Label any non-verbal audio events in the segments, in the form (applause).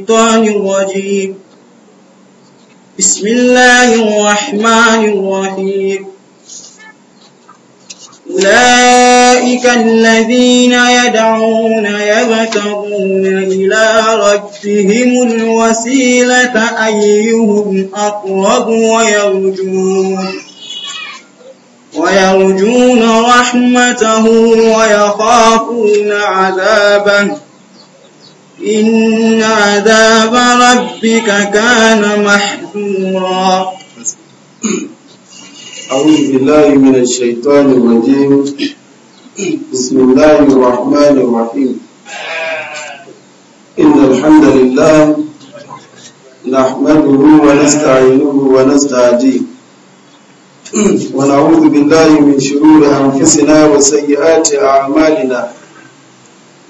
الشيطان الرجيم بسم الله الرحمن الرحيم أولئك الذين يدعون يبتغون إلى ربهم الوسيلة أيهم أقرب ويرجون ويرجون رحمته ويخافون عذابه إن عذاب ربك كان محذورا أعوذ بالله من الشيطان الرجيم بسم الله الرحمن الرحيم إن الحمد لله نحمده ونستعينه ونستهديه ونعوذ بالله من شرور أنفسنا وسيئات أعمالنا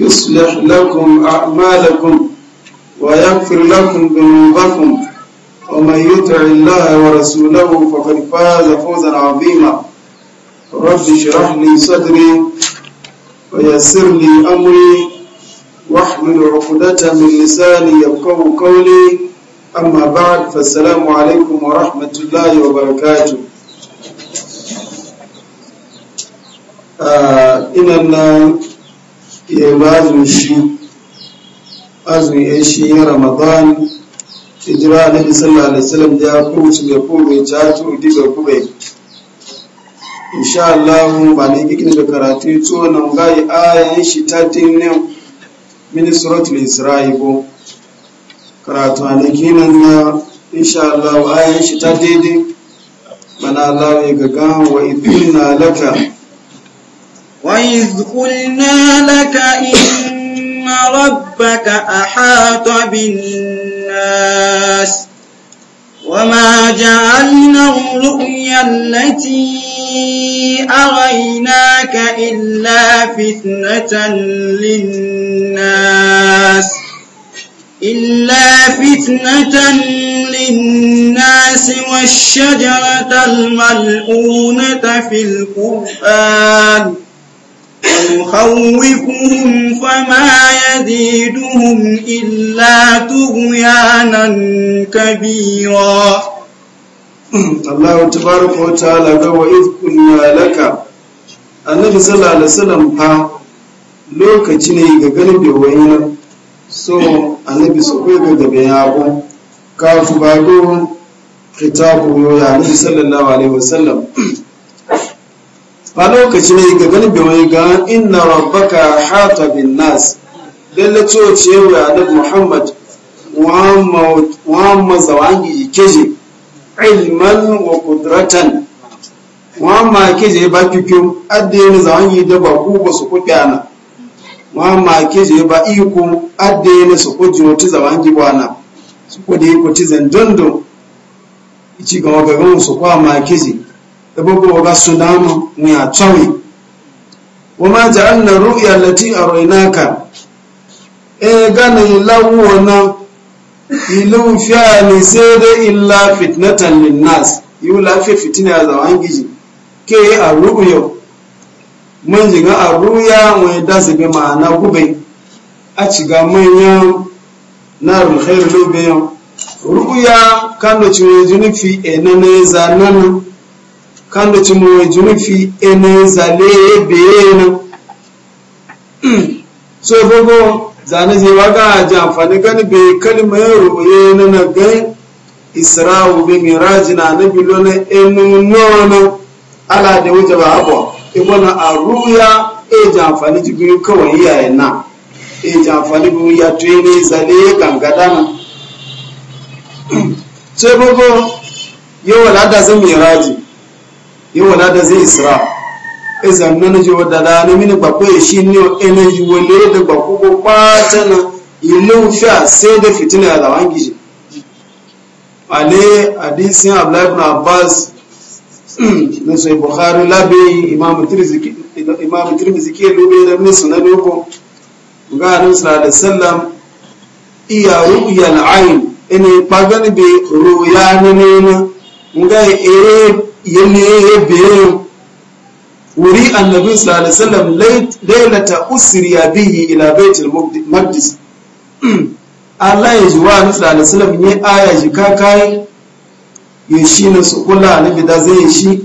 يصلح لكم أعمالكم ويغفر لكم ذنوبكم ومن يطع الله ورسوله فقد فاز فوزا عظيما رب اشرح لي صدري ويسر لي أمري واحمل عقدة من لساني يفقه قولي أما بعد فالسلام عليكم ورحمة الله وبركاته آه إن Iya ba azumin shi azumin ya shi ya ramadan hijira na bisallah da salam ya kuci mai kome ta tu diga kube insha Allah ba ne kikin da karatu to nan ga ayan shi ta tinne min suratul isra'i ko karatu ne kinan na insha Allah ayan shi ta daidai mana Allah ya ga wa idina laka وإذ قلنا لك إن ربك أحاط بالناس وما جعلنا الرؤيا التي أريناك إلا فتنة للناس إلا فتنة للناس والشجرة الملعونة في القرآن ونخوفهم فما يزيدهم إلا طغيانا كبيرا الله تبارك وتعالى وإذ كنا لك annabi sallallahu alaihi wasallam fa lokaci ne ga ganin da wani so annabi su kai ga gabe yabo kafu ba go kitabu sallallahu alaihi wasallam ba lokaci ne ga ganin bai wani ga inna rabbaka hata bin nas lalle to ce wa adab muhammad wa amma zawangi keje ilman wa qudratan wa amma keje ba kikyo addini zawangi da ba ku ba su kuke ana wa amma keje ba iko addini su kuje wata zawangi ba na su kudi ko tizan dondo ichi ga wagagan su kwa ma keje sabogo waga sudamu ni a tsawi wama ja'alna ru'ya allati araynaka e gana ilawona ilun fi'ali sai dai illa fitnatan linnas yula fi fitina za wangiji ke a ru'yo mun jiga a ru'ya wai dasa su bi ma'ana gube a ciga manyan na alkhairu lobe yau ru'ya kano da ciwo jini fi enene zanana kando ci mo junufi ene zale beyena (clears throat) so gogo zane je waga ji amfani gani be kalma ruwaye na na gan isra'u be miraji na na bilo na enu nono ala da wuce ba abuwa ibo na aruya e ji amfani ji biyu kawai iyaye na e ji amfani biyu ya tuye zale gangada na (clears throat) so gogo yau wala da zan miraji yi wala da zai isra iza nuna ji wadda da na mini bakwai shi ne yi wale da bako ko kwata na ilu fiya sai da fitina ya zawan gishi ale hadisin abdullahi ibn abbas hmm, na sai bukhari labe imam tirmidhi imam ke lobe da min sunan ko ga annabi sallallahu alaihi wasallam iya ru'yal ayn ina pagani be ruya ne ne ga e yene ya yi biyo wuri annabi sallallahu alaihi wasallam ya usriya bihi ila baitul maqdis Allah ya ji wa annabi sallallahu alaihi wasallam ne aya shi kakai ya shi na su kula annabi da zai shi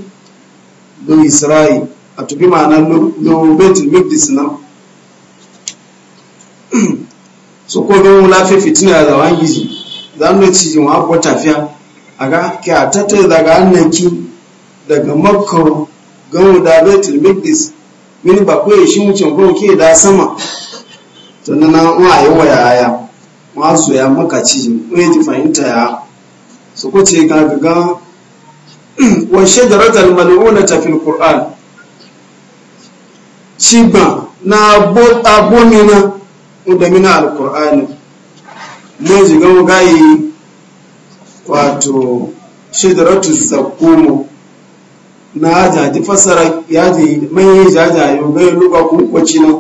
do Isra'il a tubi ma'ana do baitul maqdis na so ko don lafi fitina da wangiji zan ci jin wa ko tafiya aga ke a tattara daga annaki daga makon gano da baitul maqdis mini ba ko shi mucin ko ke da sama to na na wa yi wa yaya wa su ya maka ci mai ji fahimta ya su ku ce ga ga (clears throat) wa shajaratul mal'unata fil qur'an ba na abomina da mina alkur'ani mai ji gano gayi wato shidratu zakkumu na ajaji fasara yaji mai jajaye bai luba ku kwaci na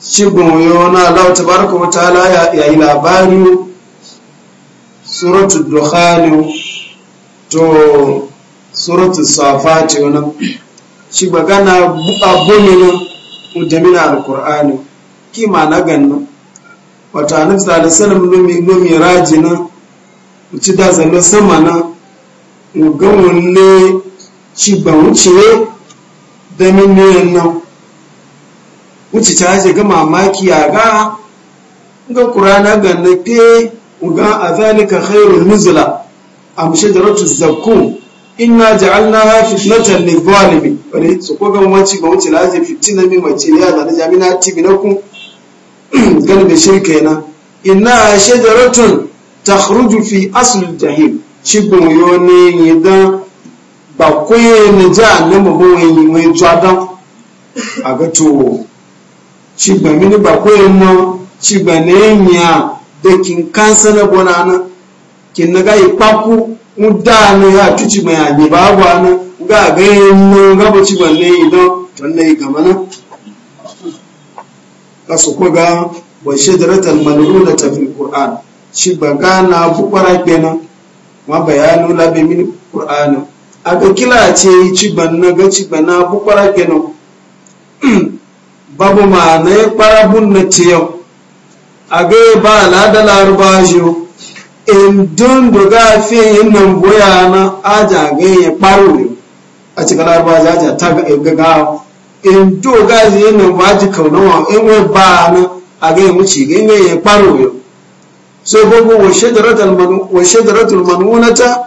shigun yo na Allah tabaraka wa ta'ala ya yi labari suratu dukhan to suratu safati wannan shi bagana na mujamin alqur'ani ki ma na ganna wata annabi sallallahu alaihi wasallam no mi mi rajina ci da zalo sama na ga wanne ci ba wuce da miniyan nan wuce ta ce ga mamaki a ga ga ƙurana ga nufe ga a zalika khairun nuzula a mushe da rotu zakku inna ja'alna ha fitnatan lil zalimi wani su ko ga mace ba wuce na fitina mace ya tibi na ku? ganin da shirka yana inna shajaratun ta fi asl jahim cigbin yo ne yi dan ba kuye ni ja annabi mo bo yi wani jwadan a ga to mi ni ba kuye no ne yi a da kin kansa na bonana kin na ga ni ha ya tuci a ni ba na ga ga yin ga ba cigbin ne yi dan wannan yi gama nan ko ga wa shidratal malulata fil qur'an cigbin ga na bukwara kenan wa bayanu labe mini qur'anu aga kila ce ci banna ga ci banna bu kwara kenan babu ma na ya kwara bunna ce a aga ba a da laruba jo in don doga fi yin nan boya na ga ya kwaro a cikin laruba ja ja ta ga ga in doga yin nan a ji kaunawa in wai ba na aga ya wuce ya yau sai gogo wa shadaratul manunata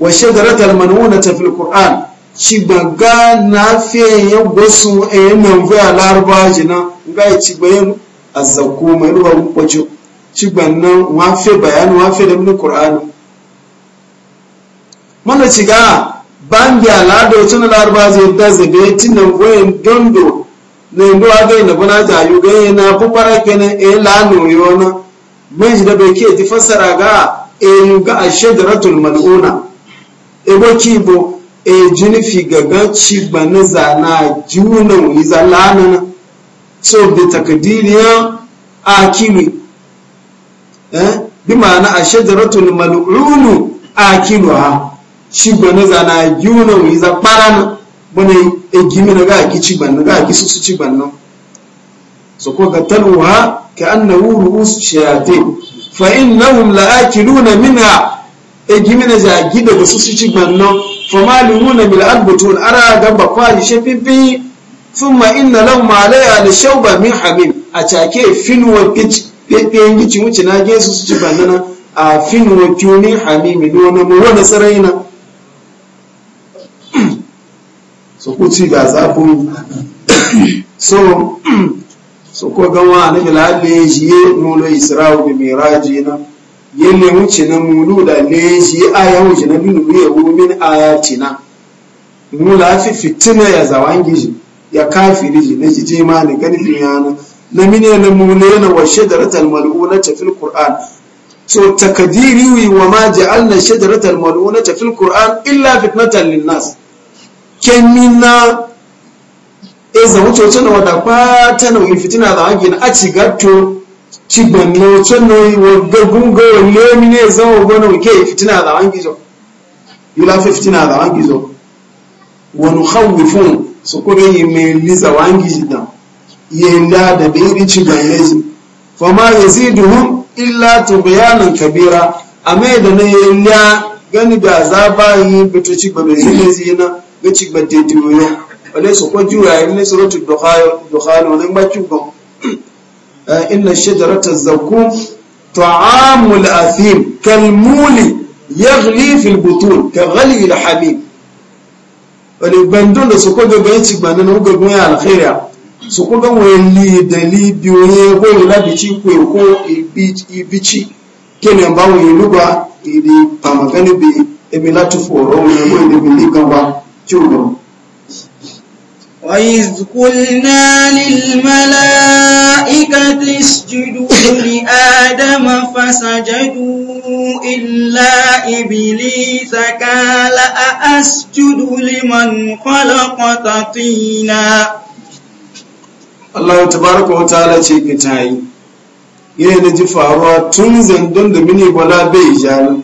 wa shadaratul manunata fil qur'an shi baga na fiye ya gosu a yi nan a larba jina ga yi ci bayan azzaku mai ruwa kwajo ci bannan wafe bayani wafe da mini qur'an mana ci ga bangi alada wacce na larba zai da zabe nan wayan dondo na yin duwa ga yi na bana jayu ga yi na fufara kenan a yi lanu wani mai shi da bai ke ti fassara ga enu eh, ga ashadaratul mal'una ebo kibo e eh, jinifi gaga ci bani zana juna junan yi zalana so bi takdiriya akili eh bi ma'ana ashadaratul mal'unu ha ci bani zana juna junan yi zalana bane e eh, gimi na ga ki ci bani ga ki su ci bani su ko ga talwa ka annahu ru'us shayatin fa innahum la'akiluna minha e gimina ja gida da su su ci banno fa maliruna bil arbutun ara ga ba fa shi fifi thumma inna lahum alayha la shawba min hamim a take finwa pitch pepe ngici wuce na ge su su ci banna a finwa kyuni hamimi dona mu wani saraina so ku ci ga zafin so suko ko gama na labe shi ya nuna isra'u bi miraji na ne wuce na mulu da ne shi aya wuce na bin ruye wumin na? mula fi fitina ya zawan gizi ya kafi shi na shi ma ne yana na mine na mule na wa shajaratal mal'unata fil qur'an so takadiri wa ma ja'alna shajaratal mal'unata fil qur'an illa fitnatan lin nas kemina eza wuce wuce na wata kwata na fitina da hagi na a ci gato ci gbanna wuce na wagga gunga wale mine zama wagga na wuke fitina da hagi zo yula fi fitina da hagi zo wani hawifin su kuma yi mai liza wa hangi ji yi da da bai iri ci fama ya duhun illa bayanan kabira a mai da na yi gani da zaba yi bito ci gbanna zina zina ga ci gbanna wale su ko juya yi ne suratu dukhano nan ba ki gon inna shajarata zakum ta'amul athim kalmuli yaghli fil butun ka ghali al hamim wale bandon da su ko ga bayan ci banan uga gun ya alkhairiya su ko ga wani dali biyoye ko ila bici ko ko ibici kene ba wani lugwa idi pamagani bi ebi lati foro wani ko idi bi likan ba ci ugon وإذ قلنا للملائكة اسجدوا لآدم فسجدوا إلا إبليس قال أأسجد لمن خلقت طينا Allah تبارك wa ta'ala ce ka tayi yana ji faruwa tun zandon da mini bala bai jani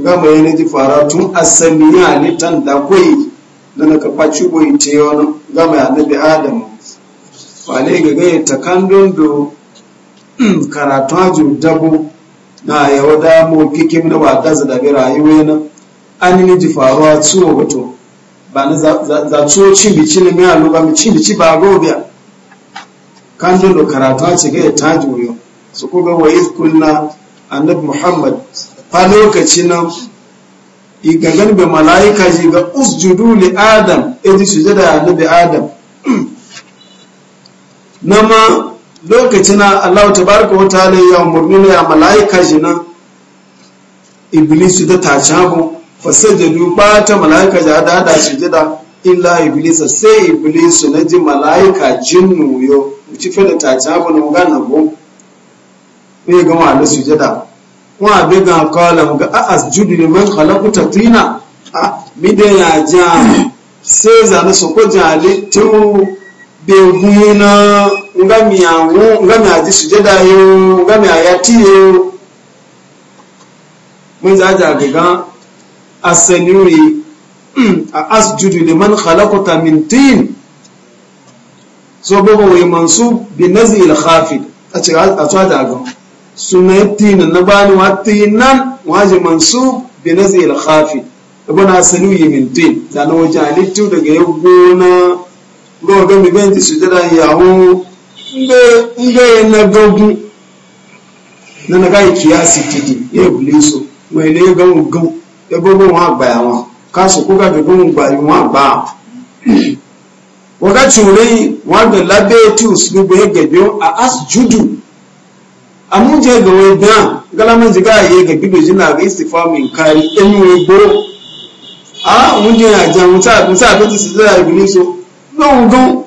gama yana ji faruwa tun asali ya da kwai dana ka faci boyi ce wani gama ya nabi adam ne ga gaya ta kan dundu mm, karatu haji dabu na yawa damo da na wata za daga rayuwa na an yi ji faruwa ciwo wato ba na za ciwo cibici na miya lo ba mi cibici ba gobiya Kan dundu karatu haji gaya ta juyo su kuga wa izkulna annabi muhammad fa lokaci na iga be malaika ji ga usjudu li adam eji sujada ya bi adam (clears throat) nama lokacin Allah tabaraka wa ta'ala ya umarni ne malaika ji na iblis da ta chabu fasajadu ba ta malaika ji da da sujada illa iblis sai iblis na ji malaika jinnu yo ci fa da ta chabu na gana go ne ga ma da sujada wọn abegan kọlọ ga a hmm, asjudu liman khalaqta tina a mide ya ja sai zane su ko jale tu be guyina nga mi awu nga mi aji sujada yo nga mi ayati yo mun za ja ga asanuri a asjudu liman khalaqta min tin so bobo yi mansub bi nazil khafid a ce a sunatin na bani wa tinan waje mansub bi nazil khafi ibn asanu min tin da na waje halittu daga yago na go ga mi benji su da yawo nde nde kiyasi tidi ye buliso wai le ga mu go e bo bo wa gba awon ga go mu gba yi wa gba wakati ule wa su be gebe a asjudu amuje ga wai da galaman jiga ye ga bido jina ga istifamu kari in wai go a muje ya ja muta muta to su da iblisu don don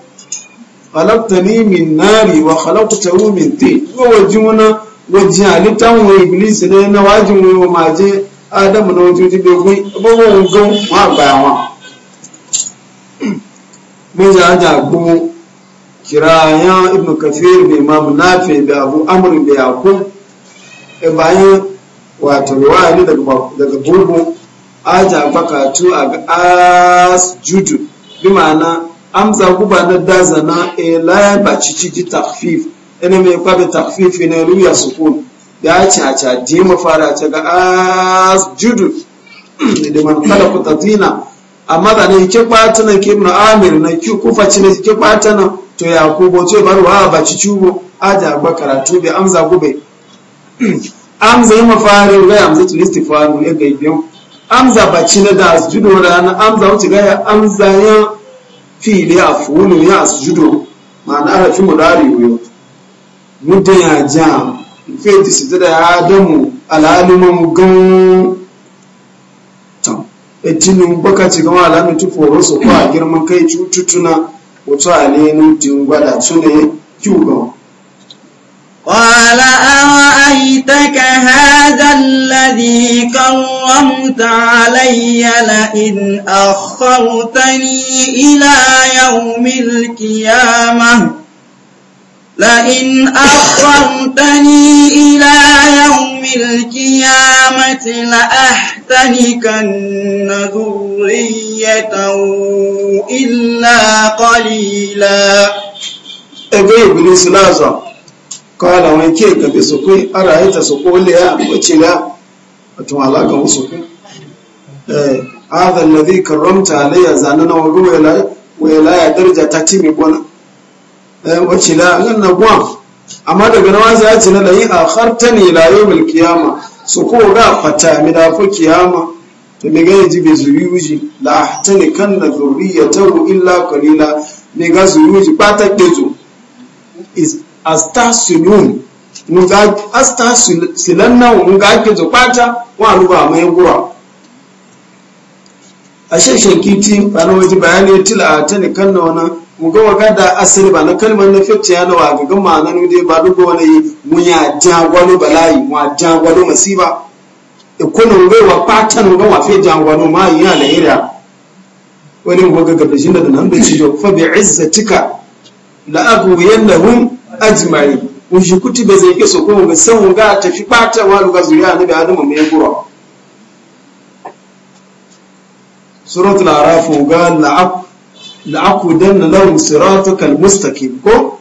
khalaqtani min nari wa khalaqtahu min tin wa wajmuna wajin alitan wa iblis ne na wajin wa maje adamu na wajoji bai gwi abubuwan gan ma bayan wa mun ja da gumo kirayen ibn kafir da imam nafi da abu amr da yakub e bayan wato riwaya ne daga burbu aja bakatu a ga asjudu bi ma'ana amsa guba na dazana na e elaya ba cici ji takfif ina mai kwabe takfif ina ruya sukun da ci a ca di mafara ta ga asjudu (clears throat) da man kala ku tadina amma da ne ke kwatunan ke ibn amir na ki kufa ci ne ke kwatunan to ya kubo to bar wa ba ci cubo aja ba karatu bi amza gube (clears throat) amza yi mafari ga amza tu istifaru ya ga biyu amza ba ci na da sujudu rana amza wuce ga amza ya fili a fulu ya sujudu ma'ana arafi mudari yo muddin ya ja fe ti sitada ya adamu alalimin gan tam etinu baka ci gama alamin tuforo su kwa girman kai cututuna wọ́n tún àní inú di ń gbádà tún lè kí ò gan. wàhálà àìtẹ́kẹ̀ hájàlélẹ́dì kọ́wọ́mùtà aláìyàlá in àkọ́rùtẹ́ni ìlàyà òmìnirikìyàmá. lẹ́yìn àkọ́rùtẹ́ni ìlàyà òmìnirikìyàmá. في القيامة لأحتنكن ذريته إلا قليلا ebe iblis lazo قال wani ke gabe su kai a rayuta su kole ya wace ga هذا الذي كرمت علي زاننا وغوي لا ولا درجة تتيمي بنا وشلا أنا بوام amma daga nawa za ci na layi a harta ne layo mil kiyama su ko ga fata mi da fa kiyama to mi ga yaji be zuri wuji la ta ne kan na zuriyatahu illa qalila mi ga zuri wuji pata kezo is astasilun mu ga astasilanna mu ga kezo pata wa lu ba mai gura a shankiti kiti waje bayani tila ta ne kan na wannan ga waga da asiri ba na kalmar na fice ya nawa ga gama na nude ba duk wani mun ya jagwalo bala'i wa jagwalo masiba ikonin gai wa fatan ga wa jagwalo ma yi ya lahira wani waga ga da da nan da cijo fa bi izzatika la yannahum ajma'i kun shi kuti ba zai kiso ko ga san ga tafi fata wa ga zuriya na da adamu mai gura suratul arafu ga la'ab la'akudanna lahum siratakal mustaqim ko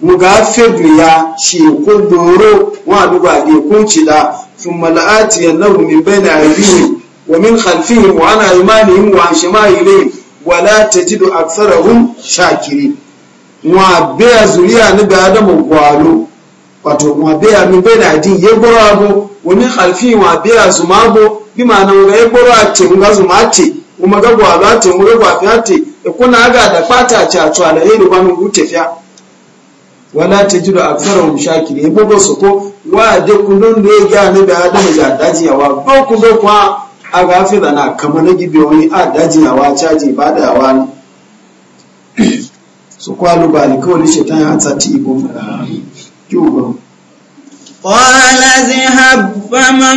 muga febriya shi ko doro wa duba de ko cida thumma la'ati yanahu min bayna aydihim wa min khalfihim wa an aymanihim wa an shimalihim wa la tajidu aktharahum shakirin wa be zuriya ni ga adamu gwalo wato wa be min bayna aydihim ye goro abo wa min khalfihim wa be azumabo bi ma'ana wa ye goro ate muga zumate kuma ga gwalo ate muga gwafi ate kuna ga da fata ci a cuwa da yadda ba mun tafiya wala ta jiro a tsaron shakiri ya bugu su ko wa da kudin da ya gane da adama ya dajiyawa ko ku zo kuwa a gafi da na kama na gibe wani a dajiyawa caji ba da yawa ne (clears throat) su kwalu ba alkawali shaitan ya tsati ibo kyugo قال اذهب فمن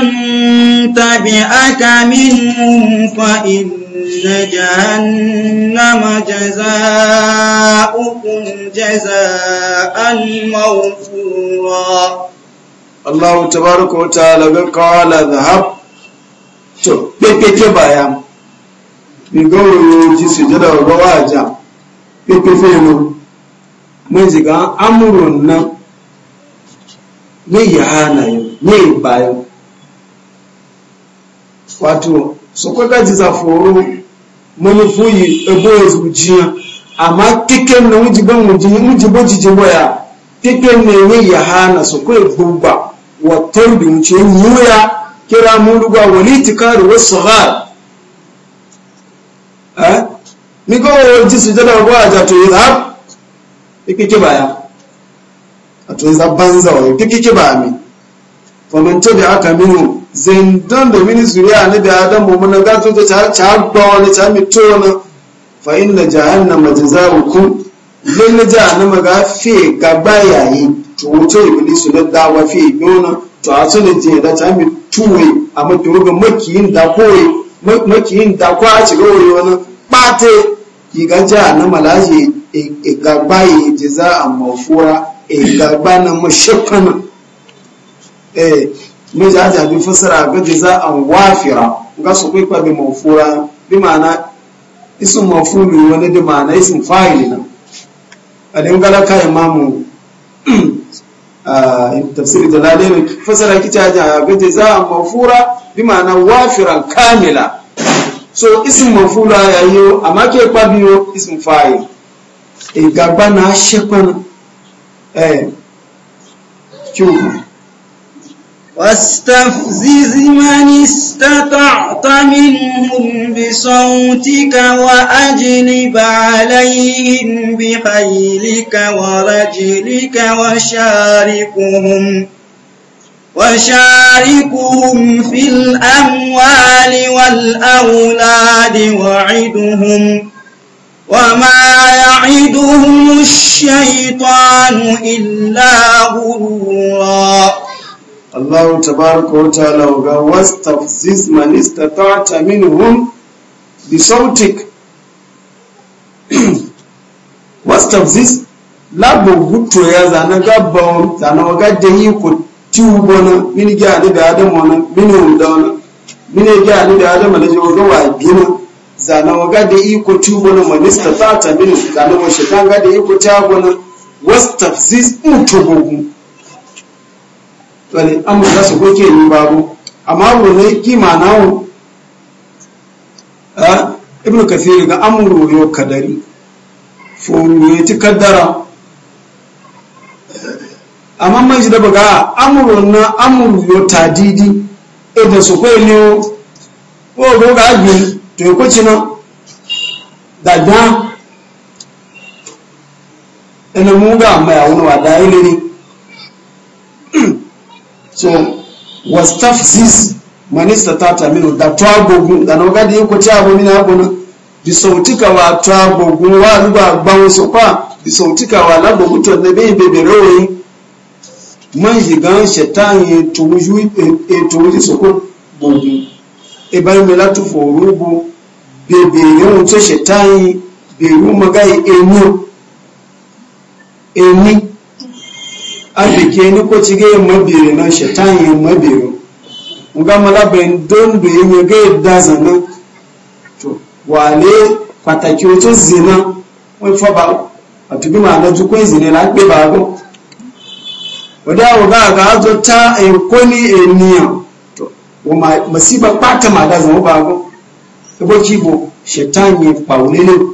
تبعك منهم فإن جهنم جزاؤكم جزاء موفورا الله تبارك وتعالى قال ذهب to pépéké baya migoro ji sujada wa bawaja pépéfé no mwezi ga amuru na ne yana ne bayo wato sokoka jizaforo manufuyi ebo ezujiya amma kiken na mujiban mujibo jijibo ya kiken ya hana soko gbogbo watar da wuce yuya kira muluga wali tikaru wasu har eh ni ko ji su jada ba a jato yi zab kikiki baya a to yi banza wa kikiki ba mi famanto da aka minu zindan da mini zuriya ne da adam mu mun ga to ta ta ba ne ta mito to na fa inna jahannama jazaa'ukum lalle jahannama ga fi gaba yayi to wuce su da dawa fi dona to a sunan je da ta mi tuwe a mafi makiyin da koyi makiyin da kwa a shiga wani wani ɓate ki ga jahannama na e igagba yi ji mafura e mafura igagba na eh miji aja bi fasara ga jaza'an wafira ga su kai kwabi mafura bi ma'ana isin mafulu wani bi ma'ana isin fa'ili na a dingala ka imamu (clears throat) ah, tafsiri jalalaini fasara kita aja ga jaza'an mafura bi ma'ana wafiran kamila so isin mafula yayo amma ke kwabi yo isin fa'ili ìgbàgbá náà ṣẹ́pẹ́nu ẹ̀ kí o kù واستفزز من استطعت منهم بصوتك وأجلب عليهم بخيلك ورجلك وشاركهم وشاركهم في الأموال والأولاد وعدهم وما يعدهم الشيطان إلا غرورا Allah tabaraka wa ta'ala ga wastafziz man istata'ta minhum bi sautik (clears throat) wastafziz labo guto ya zana gabba zana waga da yi ku tubo na mini ga ni da adam na mini um da na mini ga ni da adam na je waga wa bina zana wa da yi ko tubo na man istata'ta minhum zana wa shaitan ga da yi ko tubo na wastafziz mutubu wani amurka su koke ni babu amma na kima nawo ibn kasiri ga amuru yau kadari foru ya ci kaddara amma man shi da baga amuru na amuru yo tadidi idan e su kwai ne o ko ga agbi to ya e kwaci na dada ina e muga mai a wani wada iliri so wastafzis manista ta taminu da twagogun da na gadi ko ci abu mina abunan di bisautika wa twagogun wa ruba gbawon su kwa di wa lagogun to na bai bebere oyi man shigan shetan yi tumuji e, e su kun gogun e ibar mila tufo rubu bebere wuce shetan yi beru magai eni eni afike ni ko ci ga mabiri na shaitan ya mabiri nga malaben don da yin ga da zana to wale pataki o to zina won fa ba atubi ma na ko zina la pe ba go oda o ga ga zo ta en koni eniyan to o ma masiba pata ma da zana ba go ebo kibo shaitan ya paulele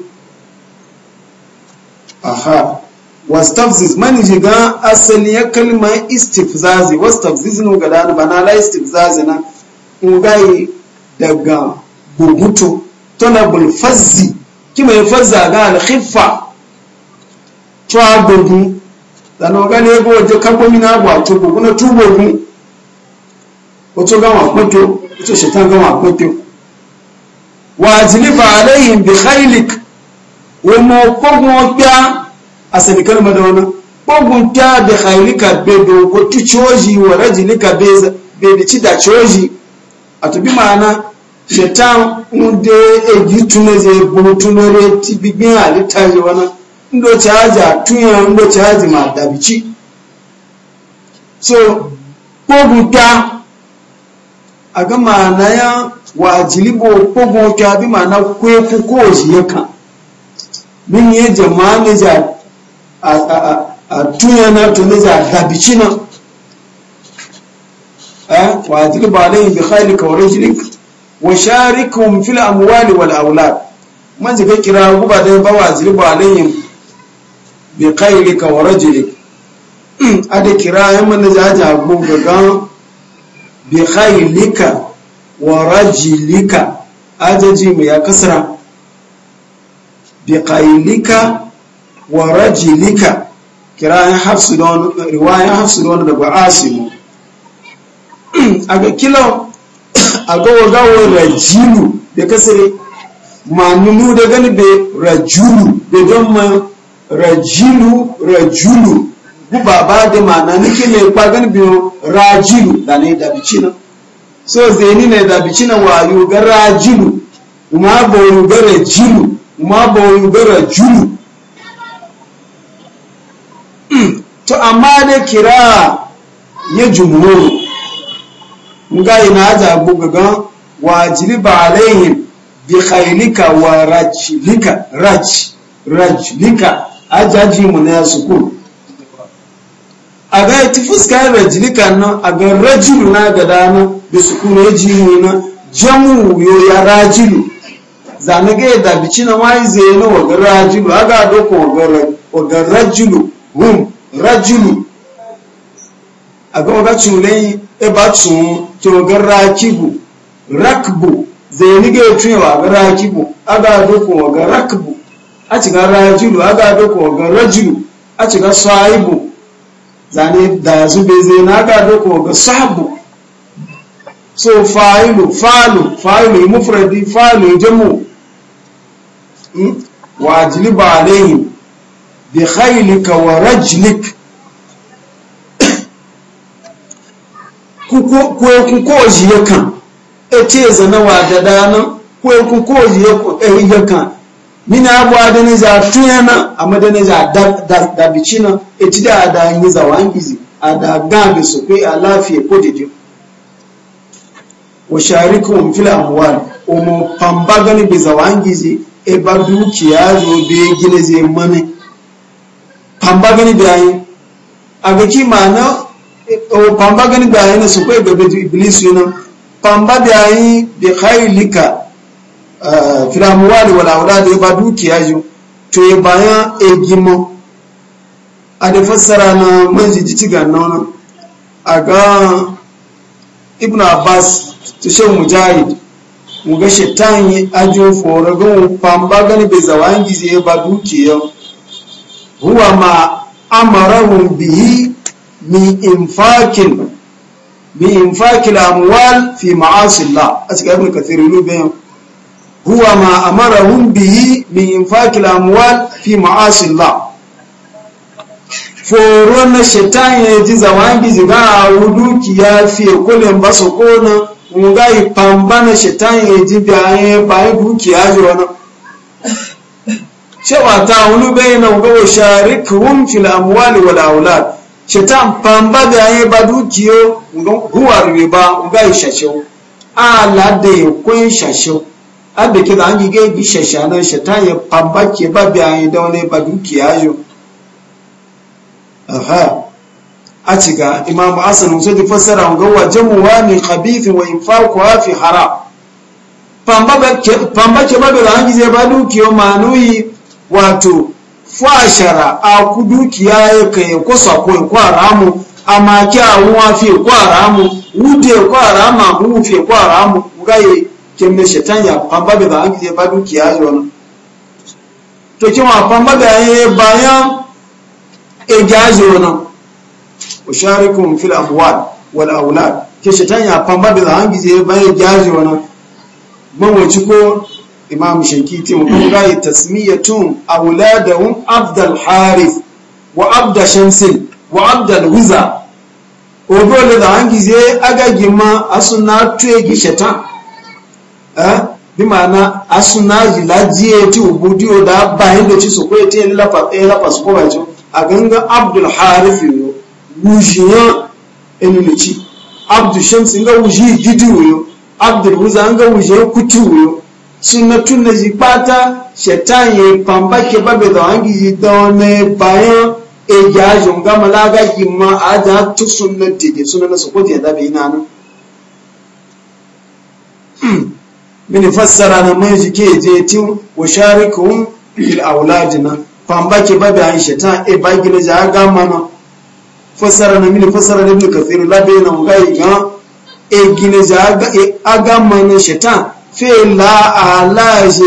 aha wastafziz man shiga asali ya kalma istifzazi wastafziz no ga dan na la istifzazi na ngai daga gugutu talabul fazzi kima ya fazza ga al khiffa to agugu dan o gani ego je kago mina agwa to gugu na tubo bi o to ga wa peto o to shetan ga wa peto wa ajliba alaihim bi khailik wa mawqamu biya asali kalma da wani bugun ta da hailika be ko tu coji wa rajilika be da ci da coji a tubi ma'ana shetan nde egi tunaje gbogbo tunare ti gbigbe halitta yi wani ndo caji a tuya ndo caji ma dabici so bugun ta a ga ma'ana ya wajilibo bugun ta bi ma'ana kwefu ko ji yakan min yi jama'a ne a tuyana tuni za a dabici nan wa a tilba alayhi bi khalika wa rajulik wa sharikum fil amwali wal aulad man zika kira guba da ba wa tilba alayhi bi khalika wa rajulik a da kira yan man za a jago gaga bi khalika wa rajulika ajaji mu ya kasra bi khalika wa rajilika kirayen hafsu da wani riwayen hafsu da wani daga asimu a (clears throat) ga kila a ga wagawa rajilu da kasare manunu da gani bai rajulu da don ma rajilu rajulu guba ba da mana nike ne kwa gani biyu rajilu da ne da bicina so zeni ne da bicina wayo ga rajilu ma ba ga rajilu ma ba ga rajilu to amma da kira ya jumhuru nga ina aja gugaga ba alaihim bi khailika wa rajlika raj rajlika ajaji mu ya suku aga ti fuska rajlika no aga rajulu na ga dana bi suku ne mu na jamu yo ya rajulu zanage da bicina mai zeno wa rajulu aga doko wa rajulu hum rajulu a gama ga cunai e ba cun togar rakibu rakbu zai ni ga cewa ga rakibu aga doko ga rakbu a cika rajulu aga doko ga rajulu a cika sahibu zane da su bai zai na aga doko ga sahibu so fa'ilu fa'ilu fa'ilu mufradi fa'ilu jamu hmm? wa ajliba alayhi bi khaylika wa rajlika kwe kukoji yakan ete zana wa da dana kwe kukoji yakan e, mina abu a dani za tuyana a madani za da bicina eti da da yi zawa an gizi a da gabi su kai a lafiya ko da jiyo wa sharikun fil amwal umu pamba gani bi zawa an gizi e ba dukiya zo be gine zai mani pamba gani bi ayi a ga ki ma'ana o pamba gani ba yana su kai e da iblis yana pamba da yi bi khailika fil wala wal awlad e ba dukiya yo to ya e baya egimo a da fassara na manji jici ga nan a ga ibn abbas to shan mujahid mu ga shaitan yi ajo foro ga mu pamba gani bai zawangi zai ba dukiya huwa ma amarahum bihi min infakin min infakil amwal fi ma'asillah a cikin abin kathirin rubin huwa ma amarahum bihi min infakil amwal fi ma'asillah foro na shetan ya ji zawangi ziga a dukiya fiye kulin ba su kona nga ipamba na shetan ya ji bayan bayan dukiya ji wani cewa ta wani bayan na gawa sharik hun fil amwal wal aulad shetan pamba da yayi ba dukiyo ngon huwa riba ngai shasho ala de kun shasho abe ke da ngi ge bi shasha na shetan ya pamba ke ba bi ayi da wani ba dukiya yo aha a ciga imamu asan so di fassara ngon wa jamuwa min khabith wa infaqu fi haram pamba ke pamba ke ba da ngi ze ba dukiyo manuyi wato fashara a dukiya ya kai kusa kwai kwaramu amma maki a ruwa fi kwaramu wude kwaramu a gumu fi kwaramu gaye kemme shetan ya pamba da an kije ba dukiya yona to kin wa pamba da ya bayan e gaje yona usharikum fil amwal wal aulad ke shetan ya pamba da an kije bayan gaje yona mawaci ko imam shankiti mu kun gayi tasmiyatun awladahum abdal harith wa abda shamsin wa abdal wiza ogo le da an gize aga gima asuna tuye gi shetan eh bi mana asuna jilajiye ti ubudi o da ba hinde ci so ko ti la fa e eh, la pasu ko ba jo aganga abdul harith yo wujiya enu ne ci abdul shamsin ga wuji gidi yo huza wiza ga wuji kuti yo suna tuna ji bata shaitan ya pamba ke babe da wangi ji da wani bayan e ya jonga malaga ki ma a da tu sunna tege sunna na sokoti ya dabe ina nan hmm. mini fassara na mai ji ke je tin wa sharikuhum bil auladina pamba ke babe an shaitan e ba na ja ga mana fassara na mini fassara na ibn kathir labe na ngai ga e gina ja ga e aga mana shaitan fela alaje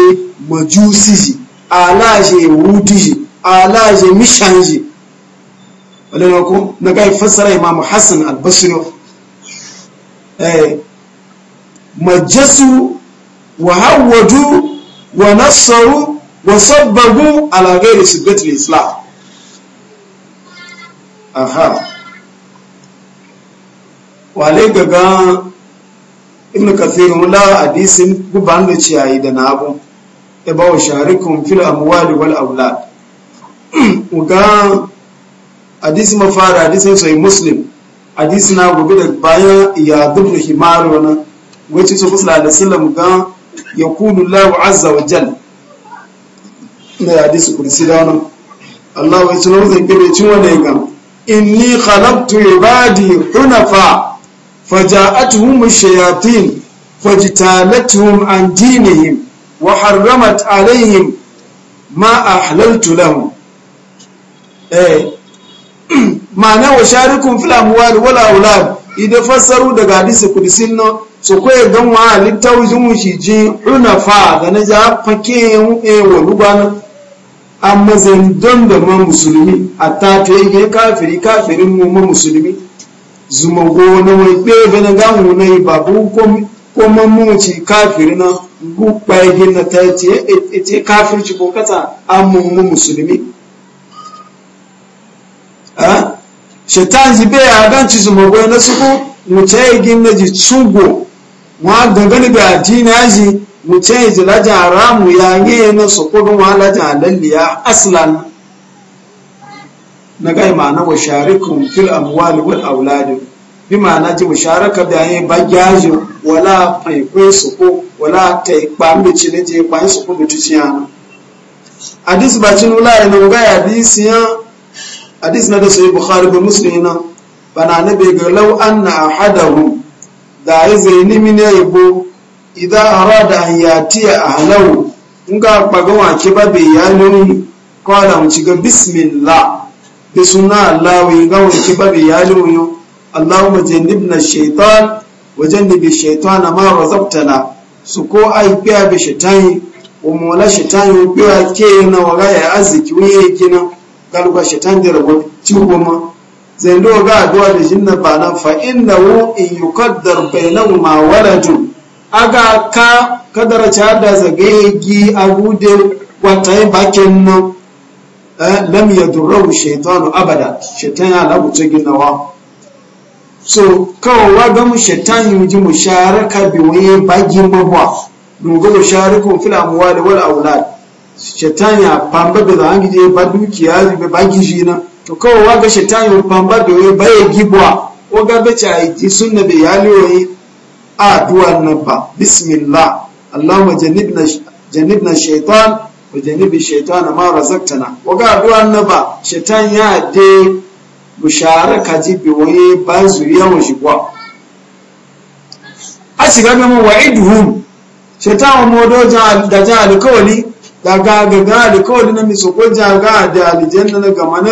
majusiji alaje wutiji alaje mishanji wadanda ku na gai fassara imamu hassan albasri eh, majasu wa hawwaju wa nassaru wa sabbabu ala ghairi sibbatil islam aha wale gaga ibn kathir mula hadisin guban da ciyayi da nabu da bawa sharikum fil amwali wal aulad uga hadisi mafara hadisin sai muslim hadisi na gobe da baya ya dubna himar wannan wace su fusla da sallam ga yakunu Allahu azza wa jalla da hadisi kursi da wannan Allah ya tsoro zai kebe cin wannan ga inni khalaqtu ibadi hunafa فجاءتهم الشياطين فاجتالتهم عن دينهم وحرمت عليهم ما أحللت لهم إيه. ma'ana wa sharikun fil amwal wal aulad idan fassaru daga hadisi kudisin no so ko ya gan wa littawjin shiji unafa da na ja fake e wa amma zan don da ma musulmi hatta to yi kafiri kafirin mu ma musulmi zuma gona mai ɓeve na gamu na yi babu kuma muci kafir na gugbaye na ta ce e, e, kafirci ko kata an mummu musulmi shaitan ji bai a ganci zuma gona na suku muce yi gina ji tsugo ma dangane da addini ji muce yi ji lajan haramu ya yi na sukudun wa lajan halalliya aslan na gai ma'ana wa sharikun fil amwali wal auladi bi ma'ana ji musharaka da yayi bagyaji wala faifin su ko wala ta ipa mbici ne je ipa su ko bitu ci yana hadis ba cin wula ya nan ga hadis ya hadis na da sahih bukhari da muslim na bana na be ga law anna ahadahu da ya zaini min ya yabo idan arada an a ahlahu in ga baga wake ba be ya nuni qala mu ci ga bismillah بسنا الله ويقوم كباب يو اللهم جنبنا الشيطان وجنب الشيطان ما رزقتنا سكو أي بيا بشيطان ومولا شيطان بيا كينا وغاية أزكي ويكينا قالوا شيطان دي ربو تيوما زندو غا دو دي جنة بانا فإنه ان يقدر بينهما ولد اغا كا قدر تشاد زغيغي اغودي gi باكنو Eh, lam yadurrahu shaytanu abada shaytan ya labu ta ginawa so kawo wa ga mu shaytan yi ji musharaka bi wani bagin babwa dogo da sharikun fil amwali wal aulad shaytan ya pamba da zangi je ba dukiya ji ba bagin shi na to kawo wa ga shaytan yi pamba da wani baye gibwa o ga be ta yi sunna be yaliyoyi a duwan nan ba bismillah allahumma jannibna jannibna shaytan shaitan shaitana ma razaqtana waga na ba shaitan ya de musharaka jibi waye ba zuriya mu shigwa a shiga ga mu wa'iduhum shaitan wa modo da ja alkawali da ga ga ga na misoko ko ja ga da aljanna na gama na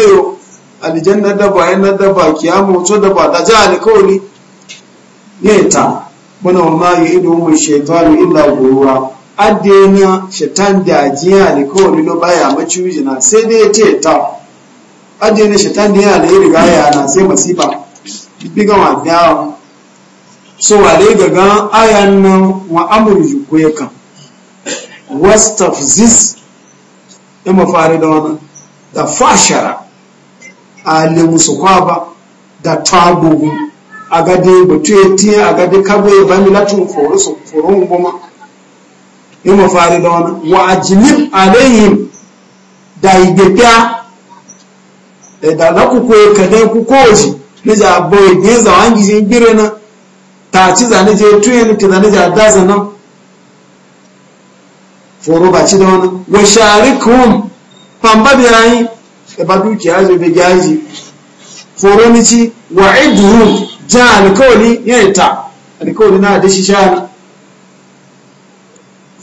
alijen aljanna da bayan na da ba kiyamu to da ba da ja alkawali ne ta muna wallahi iduhum shaitan illa gurura adena shetan da ajiya wani lo baya maciuji na sai dai ya ce ta adena shetan da yana da riga ya na sai masifa biga wa dawo so ga gan ayan nan wa amurju ko ya kan this ya mafari da wani da fashara a lemusu kwaba da tabugu agade batu ya tiya agade kabo ya bami latin foron goma yi mafari da wani wa ajinib alayhim da igbepia e da na kuko kadai kuko ji na ja boye biye za wangi jin gire na ta ci zane je tuye ni ta zane a daza zana foro ba ci da wani wa shari sharikum pamba bi ayi e ba dukiya zo be gaji foro ni ci wa idhum ja alkawli yaita alkawli na da shi shari.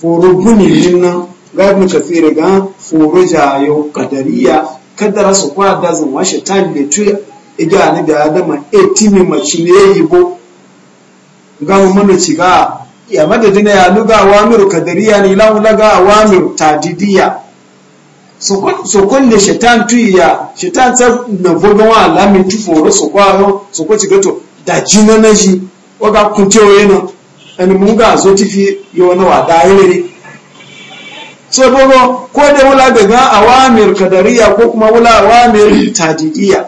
foro guni linna ga ibn ga foro jayo kadariya kadara su kwa dazin washe time da tu iga ni da adama etimi ya yibo ga mu ci ga ya madadina ya luga mir kadariya ni la wa mir tadidiya so kwalle shaitan tuyiya shaitan ta na vogon wa tu foro su kwa so kwaci gato da jina na ji waga kutewa yana ẹni mú gàzó tí fi yọ náà wà dá rere so gbogbo ko da wula daga awamir kadariya ko kuma wula awamir tadidiya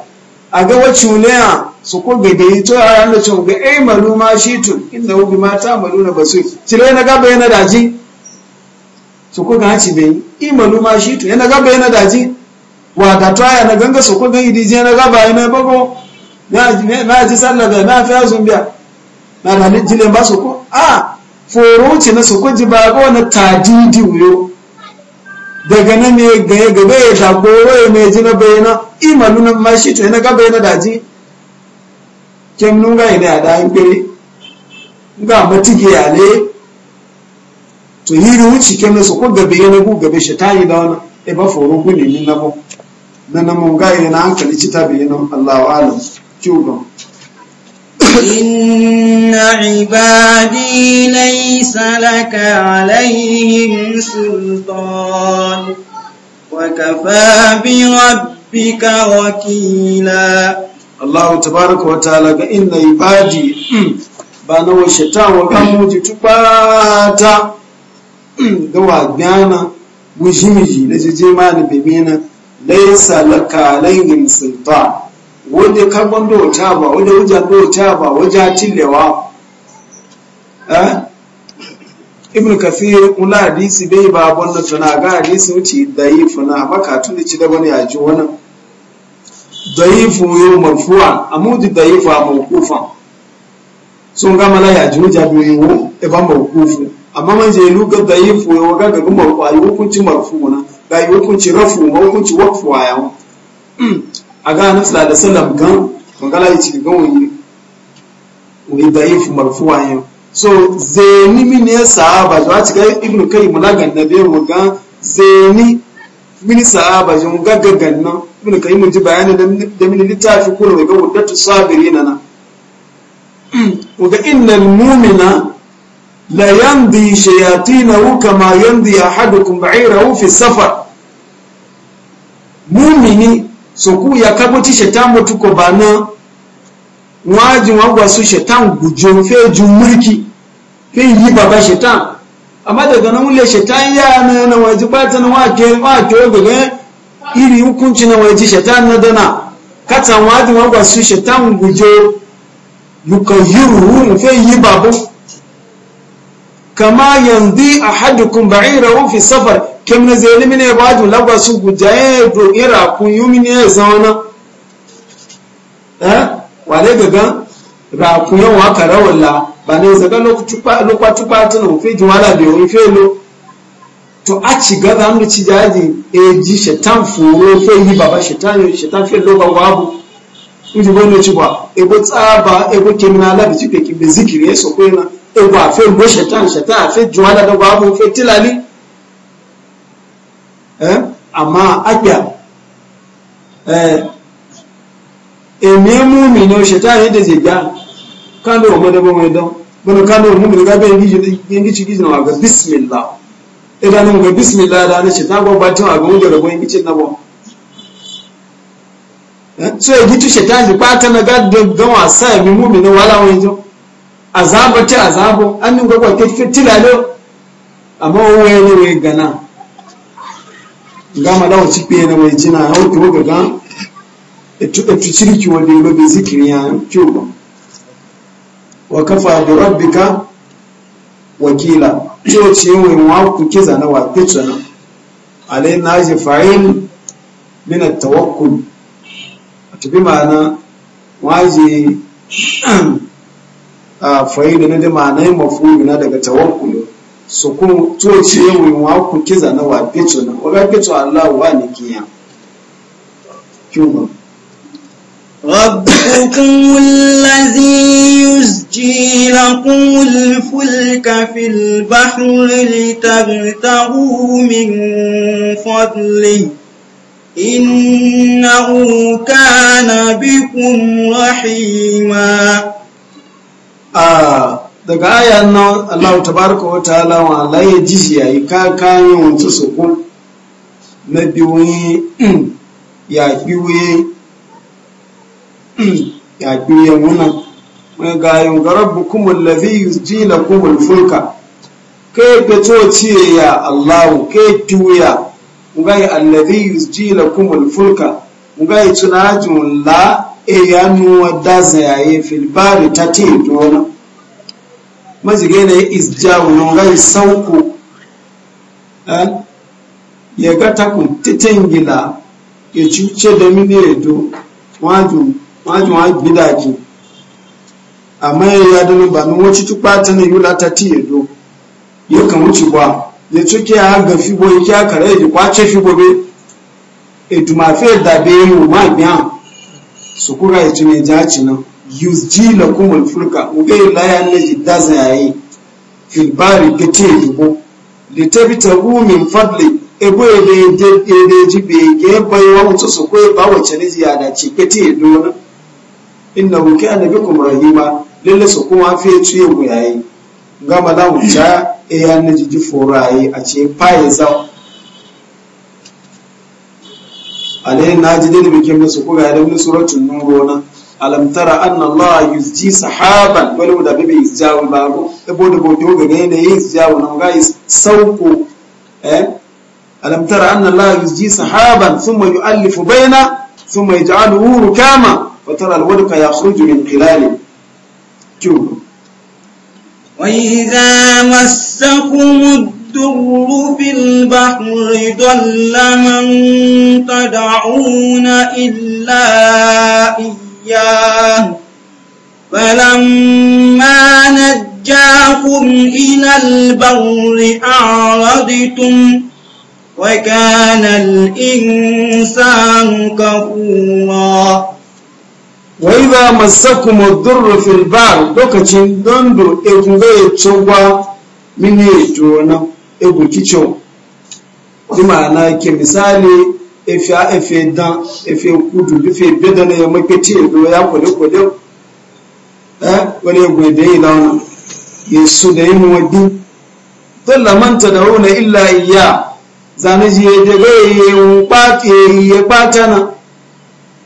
a ga wacce wuliya su ko yi to a ran da cewa ga ai malu ma shi tun inda wubi mata malu na basu cire na gaba yana daji su ko ga ci bai i malu ma shi tun yana gaba yana daji wa da taya na ganga su ko ga idije na gaba yana bago na ji sallah da na fi azun biya na da jile ba su ko a foro wuce na su kuji ba ga wani tajidi wuyo daga na ne ga ya gaba ya dago waya mai ji na bayana imanu na mashi to yana gaba yana daji kyan nunga yi ina da an kere ga matige ya ne to yi da wuce kyan na su ko gabe yana gu gaba shi ta yi da wani e ba foro gu ne min na bu na na mun ga yana hankali ci ta bayanan allahu alam kyau إن عبادي ليس لك عليهم سلطان وكفى بربك وكيلا الله تبارك وتعالى إن عبادي bana wa shata wa kamuji tubata da wa gana mujimiji na jeje ma na wode carbon do taba wode uja do taba waje wajen eh ibn kathir kula hadisi bai ba wanda tana ga hadisi wuce daifu na baka tuni ci da wani yaji wani daifu yo a amudi daifu a mawqufa sun gama na yaji uja biyu wo e ba mawqufu amma man je luga daifu yo ga ga yi hukunci marfuwa na ga yo kunci rafu ma hukunci wakfuwa yawon hmm. a ga hannun sa da salam gan magana ya ci gan wani wani da ifu marfuwa yau so zeni mini ya sa'aba zuwa ci ga ibn kai mulagan na biyar mu gan zeni mini sa'aba zuwa mu gaggagan nan ibn kari mun ji bayani da mini littafi kuna mai ga wadatu sabiri na nan (clears throat) ga innal mumina la yamdi shayatinahu kama yamdi ahadukum ba'irahu fi safar mumini soku ya kabo kaboti shetan botuko bana waji wagwa su shetan gujo feju mulki fe yi baba shetan amma daga nan wule shetan ya na na waji bata na wake wake gaga iri hukunci na waji shetan na dana katan waji wagwa su shetan gujo yukayiruhu fe yi babu kama yanzu a ahadukum ba'irahu fi safar kem na zeli mine baju lagwa su gujaye eh, do ira kun yumi ne zauna eh wale gaga ra kun yau aka rawalla ba ne zaga lokaci pa lokaci pa tana mu fiji wala be wani felo to a ci ga za mu ci jaji e ji shaitan furo fe yi baba shaitan shaitan fe lo ba wabu inji ne ci ba e go tsaba e go keminala bi ci ke ki be zikiri so ko na e go afe go shaitan shaitan afe juwala da wabu fe tilali amma agya eh, eme mumino shetani da zai gya kando wa madaba mai don wani kando wa mumino gabe yin gici gici na ga bismillah idan ga bismillah da eh, na shetan gwabbatin a ga wujen rabo yin gici na ba so ya gitu shetan ji bata na gadon don wasa ya bi mumino wala wani jo azabo ce azabo an ni ke nuna gwabbatin tilalo amma wani wani gana ngama dawo chipie na wejina oke oke ga etuchiri kiwode lo bizikiri ya kyuba wa kafa rabbika wakila cho chiwe wa kukiza na wa petsana ale na je fa'il min at-tawakkul (clears throat) ah, maana waji a fa'il ne da ma'anai mafhumi na daga tawakkul so ko coci yewe wa ku kiza na wa pecho na wa pecho Allah wa ni kiya ربكم الذي يسجي لكم الفلك في البحر لتبتغوا من فضله إنه كان بكم رحيما آه daga ayan nan Allah tabaraka wa ta'ala wa la ya jiji ya ka kakanyin wancu su ku na biwi (clears throat) ya biwi (clears throat) ya biwi wannan mai ga yin garabbukum allazi yusji lakum alfulka kai ga toci ya Allah kai tuya ngai allazi yusji kumul fulka ngai tunajun la e yanu wadaza yayi fil bari tatin dona majiga na isjawu non gai sauku ya ga takun titengila ya cuce da mini edo waju wajen waju gidaji amma ya yi adini ba nun wacce tukpa ta na yi lata ti edo ya kan wuce ba ya tuke ya ga fibo ya kya kare ya kwace fibo be edu mafi da be yi wa ma biya su kura ya ci mai jaci nan yusji la kumul fulka uge la ya naji daza yayi fil bari gete ta bi ta min fadli ebo ele de ele jibe ge bai wa mutu su ko ba wace ne ya da ci gete dona innahu kana kuma rahima lalle su kuma fi tuye ku yayi gama da wuta e ya naji ji foraye a ce paye za alayin na ji dalibi kemgbe su kuga ya da wani suratun nuro na alam tara anna Allah yusji sahaban walau da bibi isjawi babu ebo da bodo ga ne ne isjawi na ga sauko eh alam tara anna Allah yusji sahaban thumma yu'allifu baina thumma yaj'aluhu rukama wa tara alwadqa yakhruju min khilali kyugo وإذا مسكم الضر في البحر ضل من تدعون إلا إياه إياه فلما نجاكم إلى البر أعرضتم وكان الإنسان كفورا وإذا مسكم الضر في البحر لوكاتين دوندو إكونغي من يجونا جونا إبوكيتشو بمعنى كمثالي efe a efe dan efe kudu efe beda na ya maketi ebe ya kwade kwade eh wani egwe da yi launa yesu da yin muwadi dole manta da wuna illa iya zane ji ya daga ya ɓata na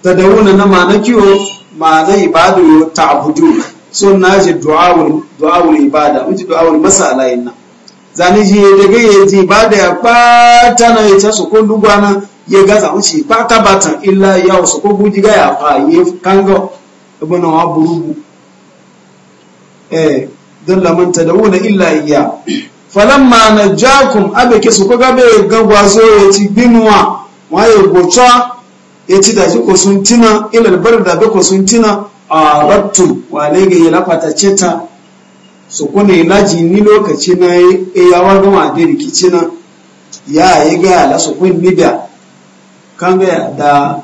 ta da wuna na ma na kiwo ma na ibadu ya ta abudu so na ji du'awul ibada muji du'awul masala yin nan zane ji ya daga ya ji ibada ya ɓata na ya ta su kun dugwana ya gaza wuce ba ta batan illa ya wasu ko guji ga ya fa ya kanga ibn wa burubu eh dan laman tadawuna illa iya falamma najakum abake su ko gabe gagwazo ya ci binuwa waye gocha ya ci da shi ko sun tina ilal bar da ko sun tina a wa wale ga ya lafata ceta su kone laji ni lokaci na yawa gama da rikici na ya yi ga la su ni nida kanga da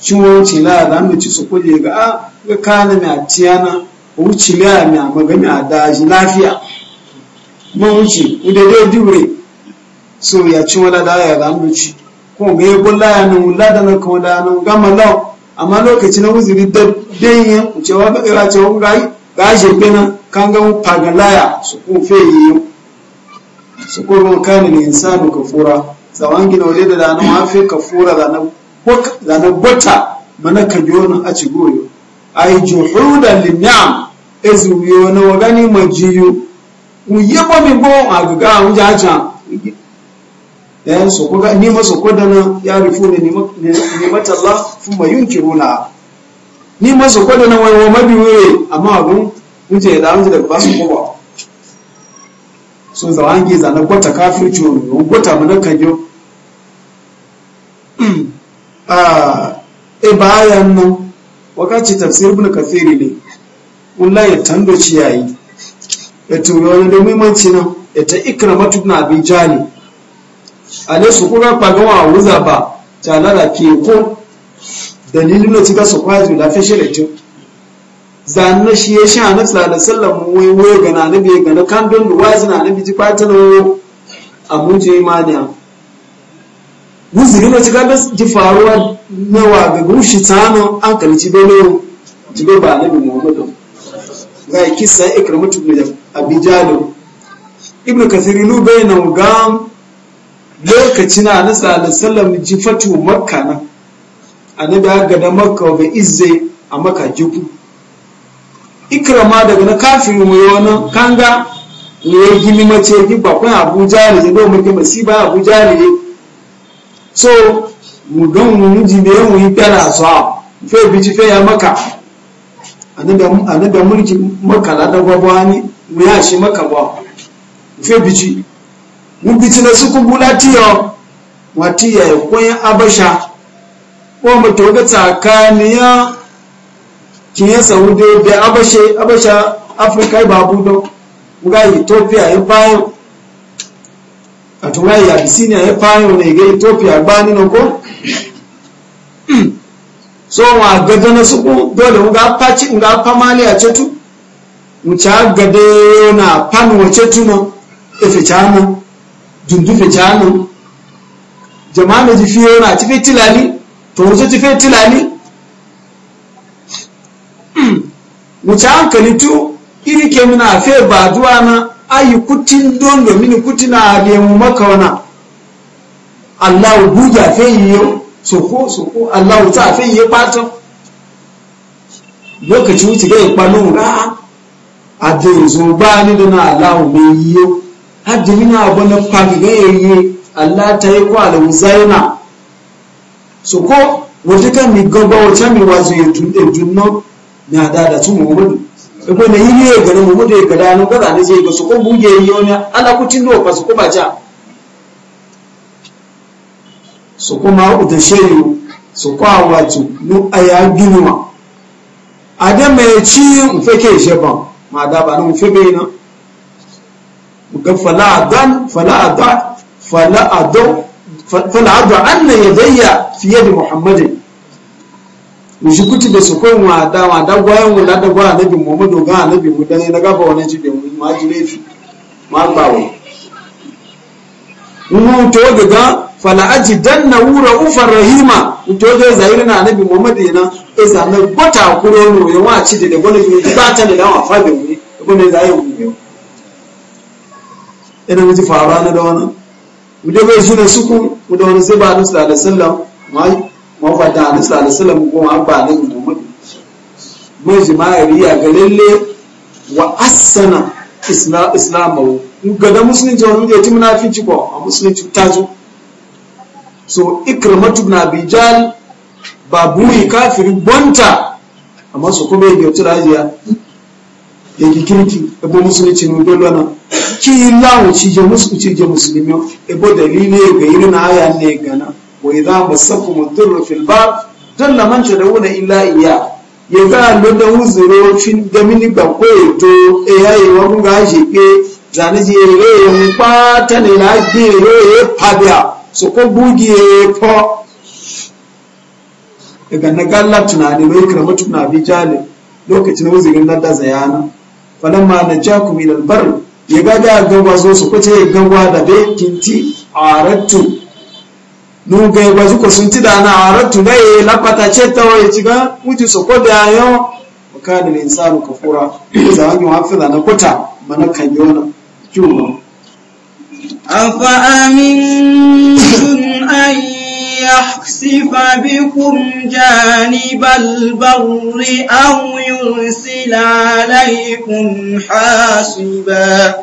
ciwonci ah, la da mu ci su kuje ga a ga kana mi a tiyana wuci la mi a magani a daji lafiya mun wuce ude dai diure so ya ci wala da ya da mu ci ko ga ya bulla ya nu la da na ko da nu gama law amma lokacin na uzuri da dai ya ce wa ga ya ce wa ga ga je bena kanga mu pagalaya su ku fe yi su ko ga kana ne insanu kafura zaman gina waje da dana mafi ka fura dana bata mana ka yono a ci goyo ai da linyam ezu yono wagani majiyu uye bo mi bo a unja aja eh so ko ga ni maso ko ya rufu ne ni mata Allah kuma yunkiruna ni maso ko wani wai wa mabi wai amma abun wuce ya unje da basu su ba so zawangi zanen kwata kafirci wani gwata mana kanyo a ah, eh, bayan nan wakati tafsir ibn kathiri ne ya tando ciyayi ya tuyo ne da muhimmanci nan ya ta ikramatu na abi jani ale su kuma pagawa wuza ba ta lara ke ko dalilin da cika su kwaji da fashe da tun zanen shi ya sha na tsada sallan wai wai gana na ga gana kan don da wazi na na biji kwata na a muje imaniya wuzuri cikin cika ji faruwa na ga gushi tsano an kalci bane jibe ba nabi muhammadu ga kisa ikramatu ibn abijalo ibn kathir nu bayna ga lokacin annabi sallallahu alaihi wasallam ji fatu makka na annabi ga da makka ga izze a makka jiku ikrama daga na kafin mu yana kanga ne gimi mace gi bakwai abuja ne zai do muke masiba abuja ne so mu don mu ji me mu yi tana so fe bi ci fe ya maka annabi mulki maka la da gwagwa ni mu ya shi maka ba fe bi ci mu bi ci na su ku bulati yo wati ya ko ya abasha ko mu to ga tsakaniya ki ya saudi da abashe abasha afrika babu do mu ga ethiopia ya bayan atungai abisinia epayo nege ethiopia gbani noko so wa na suku dole nga pachi nga pamali a chetu mucha na panu wa chetu no efe chana dundu fe na jifiyo tilali to wato tife tilali mucha hankali tu iri kemina fe baduwa na ayi kutin dondo mini kutina ademu maka wana allahu buja feyi yau soko soko allahu ta feyi yau pato lokaci wuce ga ipanu ra ade zo ba ni da na allahu mai yi yau hajjiri na abu na ga yeye allah ta yi kwa da muzaina soko wata kan mi gaba wata mi wazo ya tunde junno na da da tun muhammadu ko na yi ye gari mu ya gada no gaza ne je ga su ko buge yi wani ala ku tin do fa su ko ba ja su ko ma u da sheyu su ko awatu nu aya ginuwa adam mai ci mu fake je ba ma da ba mu febe na mu ga fala adan fala ada fala ada fala ada anna yadayya fi yadi muhammadin mujikuti da su kun wada wada gwayan wula da gwa mu muhammadu ga annabi mu dan na gaba wannan jibe mu ma ji laifi ma ba wai mu to daga fala na wura ufa rahima to zai zahiri na annabi muhammadu yana isa na gota kuro mu ya wa ci da gona ne ba ta da dawa fa da mu gona zai mu ne ina mu ji fara na da wannan mu dai bai shi da suku mu da wani sai ba nusa da sallam ma mafata na salisalam kuma an ba mu. muhammadu mai jima'ari ya ga lalle wa asana islamu ga da musulunci wani ya ci munafinci ko a musulunci ta zo so ikramatu na bijal ba buri kafiri bonta amma su kuma yake tura ajiya yake kirki ebo musulunci ne dole na ki lawo ci je musulunci je musulmi ebo dalili ga irin ayan ne gana wa idza masakum ad-durru fil bab dalla man tadawuna illa iya ya za lo da uzuro cin da mini ba ko to e yayi wa mun ga shi pe zani je re mu pa ta ne la je ya pabia so ko bugi ya yi po daga na galla tunani mai karama tuna bi jale lokacin uzurin nan da zayana falamma najakum ila al-barr ya gaga gaba zo su kwace gaba da be a aratu nuga ya gwaji ko sun ci da na aratu ga ya lafata ce ta waye ci ga muji su ko da yo wa kana lil insanu kafura za wani hafiza na kuta mana kan yona kiwo afa amintum ja ni بكم جانب البر أو يرسل عليكم ba.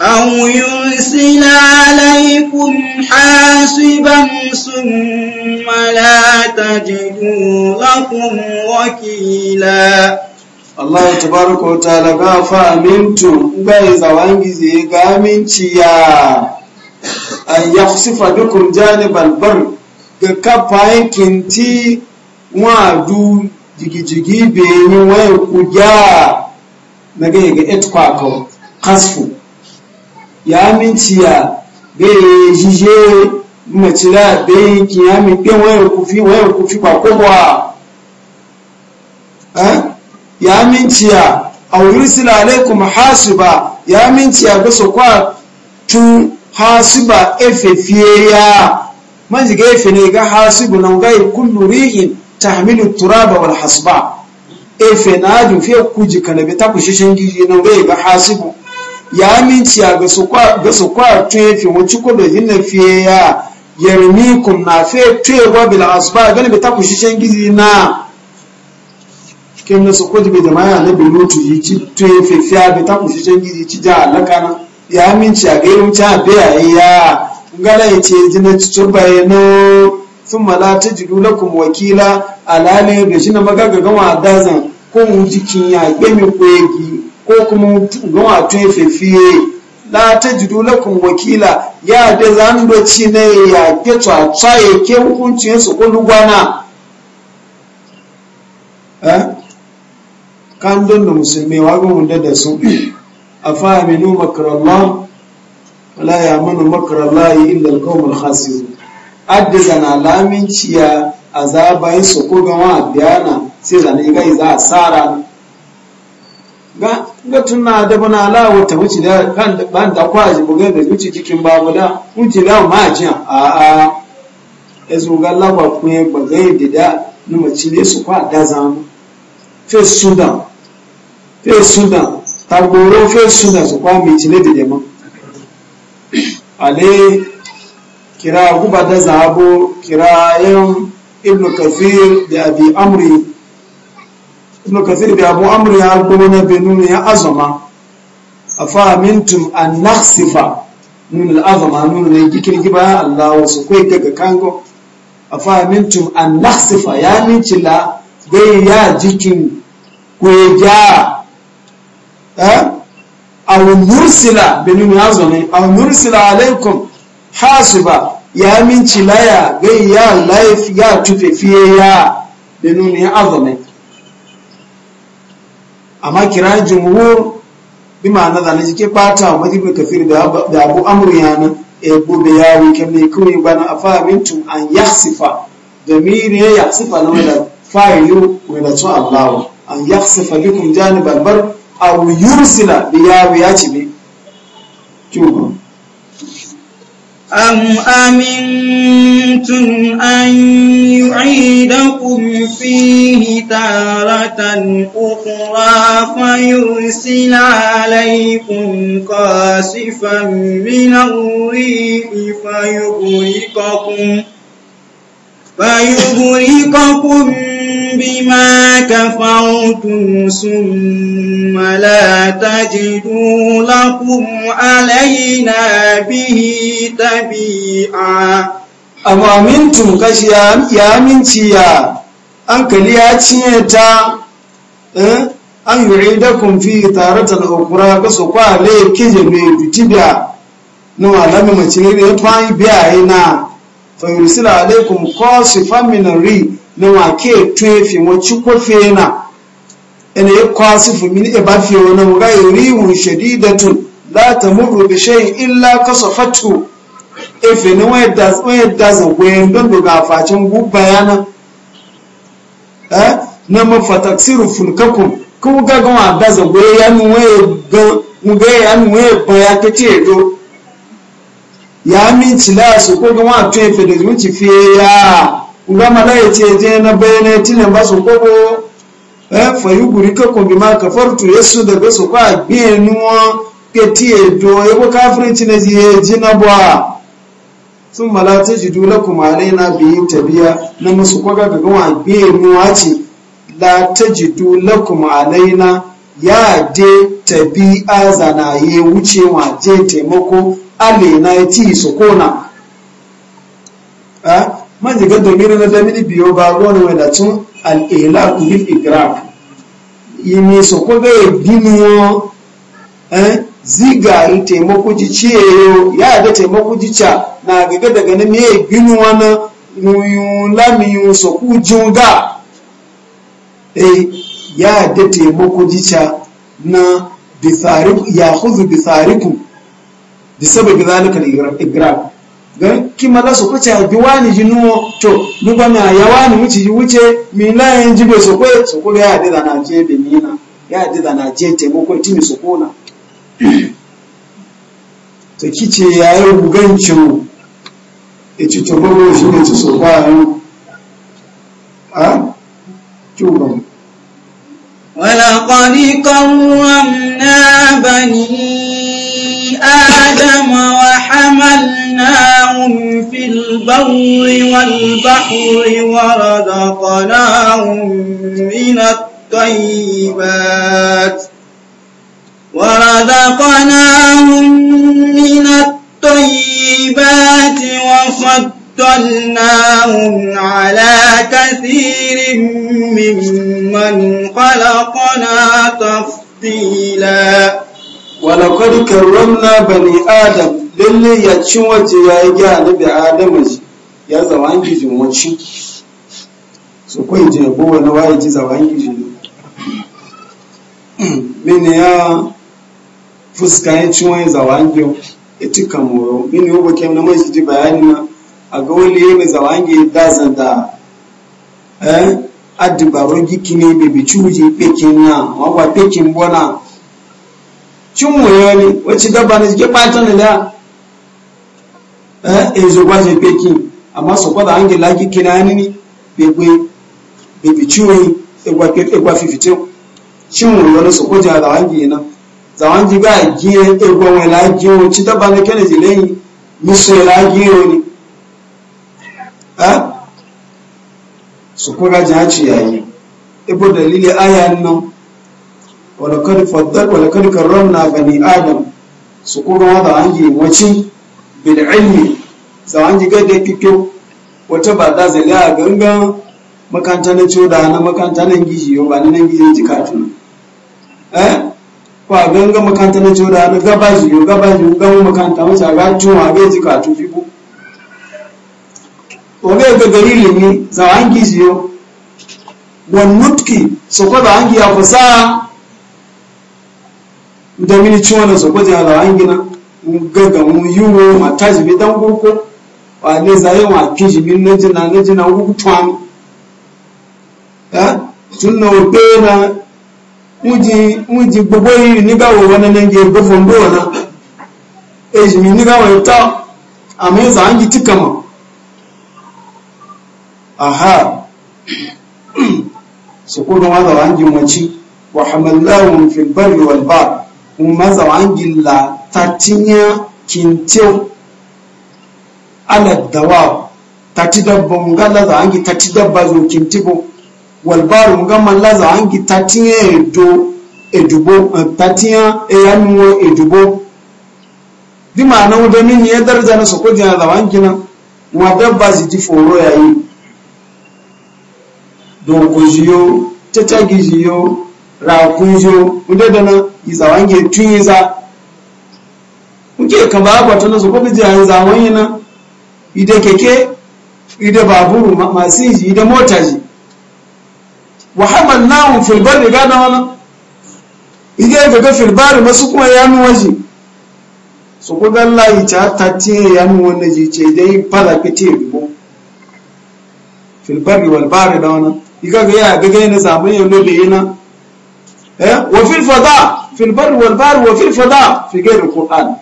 أو يرسل عليكم حاسبا ثم لا تجدوا لكم وكيلا Allah tabaraka wa ta'ala ga fa amintu bai zawangize ga aminci ya an yakhsifa bikum janibal bar ga kafayin kinti wa du jigijigi be ni wai kuja na ga ga etkwa ko kasfu ya aminci ya bai jije macila bai kiyami ɗin wayar kufi wayar kufi ba kowa eh? ya aminci ya yursila alaikum hasiba ya aminci ya bisa kwa tu hasiba efefiye ya ga efe ne ga hasibu na gai kullu rihin tahmilu turaba wal hasba efe na dufe kuji kanabe ta kushishin giji nan ga hasibu ya aminci a ga su kwa tuyefi wacce ko da na fiye ya yarmi kun na fiye tuye ba bila ba gani bai taku shishen gizi na kin na su ko da bai jama'a na bilutu yi ci tuye fe fiya bai taku shishen gizi ci ja alaka na ya aminci a ga irin ci a biya ya ngala ya ce jina cikin bayano sun mala ta jiru kuma wakila alale da shi na magagagawa a dazan ko mu jikin ya gbe mi koyegi ko kuma gawa tun fefiye la ta jidu lakum wakila ya da zandoci na ya ke tsatsa ya ke hukuncin su kudu gwana eh kan don da musulmi wa ga wanda da su afa aminu makrallah wala ya manu makrallah illa alqawm hasi. addiza na laminciya azabayin su ko gawa biyana sai zane ga za a tsara ga gatun na da bana ala wata wuce da kan ban da kwaji buga da wuce cikin babu da wuce da ma ji a a zo ga laba ku ye bagai da da numa cile su kwa da zamu fe sudan fe sudan ta goro fe sudan su kwa mi cile da dema ale kira guba da zabo kira yan ibnu kafir da abi amri ibnu kathir bi abu amr ya kuma bi nun ya azama afa mintum an nakhsifa nun al azama nun ne gikin giba Allah wasu kai daga kango afa mintum an nakhsifa ya min cila dai ya jikin ja eh aw nursila nun ya azama aw nursila alaikum hasiba ya min cila ya gai ya life ya tufe fiye ya benunu ya azama amma kira jumhur bi ma'ana da nake fata wa ibn kafir da abu amru yana e gobe yawo kemne kawai bana afamintum an yahsifa damir ya yahsifa na wanda fa'ilu wa da tun Allah an yahsifa bikum janibal bar aw yursila bi yawo ya ci bi أم أمنتم أن يعيدكم فيه تارة أخرى فيرسل عليكم قاسفا من الريح فيغرقكم فيغرقكم بما كفرتم ثم لا تجدوا لكم علينا به تبيعا أما منتم كشي يا منتي يا أنكلي أتيتا an yi idakun fi tare ta okura ga su kwa le kije me bitibiya na malami mace ne yana alaikum na wake tuyefe wacce kwafe na ina ya kwasi fumin ibafe wani muga yuriwun e shadidatun la ta muru bi shayin illa kasafatu efe ni wayar da zagwayen don daga facin gubba yana na mafataksiru fulkakun kuma gagan wa da zagwayen yanu wayar yanu wayar baya ta ce e do ya minci la su ko gama tuyefe da zuci fiye ya nga malaya ce je na bayanai tile ba su kobo eh fa yuguri ka ko bima fartu yesu da su kwa biyenuwa ke tiye do yabo kafirci na je ji na bwa sun malata ji dole kuma alaina biyi tabiya na musu kwaga ga gawa biyenuwa ce la ta ji dole kuma alaina ya je tabi'a wuce wa je taimako alaina ya ci su kona ah, man jiga domin na damini biyo ba ruwan wanda tun al'ila bil igraq yimi so ko ga giniyo eh ziga yi taimako ji ciyeyo ya da taimako ji ca na gaga daga na me ginu wani nuyun yi so ku junga eh ya da taimako ji ca na bisariku ya khuzu bisariku bisababi zalika al-igraq gan kima la soko cha diwani jinuo to nuba na yawani wuci wuce mi la yanji be soko ya de na je be ni na ya de da na je te mo ko a a في البر والبحر ورزقناهم من الطيبات ورزقناهم من الطيبات وفضلناهم على كثير ممن خلقنا تفضيلا ولقد كرمنا بني آدم lalle ya ci wacce ya yi gya annabi adamu shi ya zama an giji su so ko ya ko na waye ji zama an giji (clears throat) mini ya fuska ya ci wani zama an gyo ya ci kamoro mini yau bakin na mai ji bayani na a ga wani ya mai zama an gyi dazan da eh adibaron gikini bebe cuji pekin na wakwa pekin bona cin mu wacce dabba na jike ɓatan da Eh, ezo gwaje peki amma so da ange lagi kinani ni begbe bebi ciwon egwa e fifitin wani so kwaja da wangi na za wangi ga giye egwa wani lagi o ci daba na kene zileyi miso ya e lagi o ni ha eh? so kwaga jaci yayi ibo e dalili ayan nan walakad faddal walakad karramna bani adam su kuma wada ange bil ilmi zawan ji gade kikyo wata ba za zai ga ganga makanta na coda na makanta na gishi yau ba na nan gishi ji katuna eh ko a ganga makanta na coda na gaba shi yau gaba shi yau gaba makanta wasu a ga cewa ga ji katu fi ko o ga ga gari limi zawan gishi yau wan nutki so ko da hangi ya fasa da mini ciwon da so ko da hangi na gaga mu yiwu ma tashi bi dan gurko wa ne zaye wa kishi bi na jina na jina gurko ya tun na ope na muji muji gbogbo yi nígbà wo wọn nana nge gbogbo ndo wọn eji mi nígbà wọn ta àmì ìzà ń gitì aha sukuru wọn da wọn gi wa hamallahu fil barri wal umaza wangilla ta tinya kintin alad dawa ta ti dabba nga laza angi ta ti dabba zo kintibo walbaru nga man laza angi ta tinya edo edubo eh, ta tinya eyanuwa edubo di ma'ana wuda min ya darja na soko jina da wankina wa dabba su ji foro ya yi. yayi doko jiyo tata gijiyo rakun jiyo wuda da na iza wange tun iza muke kama abata na su kwabi yi ide keke ide baburu masiji yi ide motaji ji wahaman namun filbar wana na wani ide gaga filbari masu kuma yanu waje su kuga layi ta tattiye yanu wani ji ce dai fara fite rigo filbari walbari da wani iga ga ya gaga yana zamun yau yana وفي الفضاء في البر والبحر وفي الفضاء في غير القرآن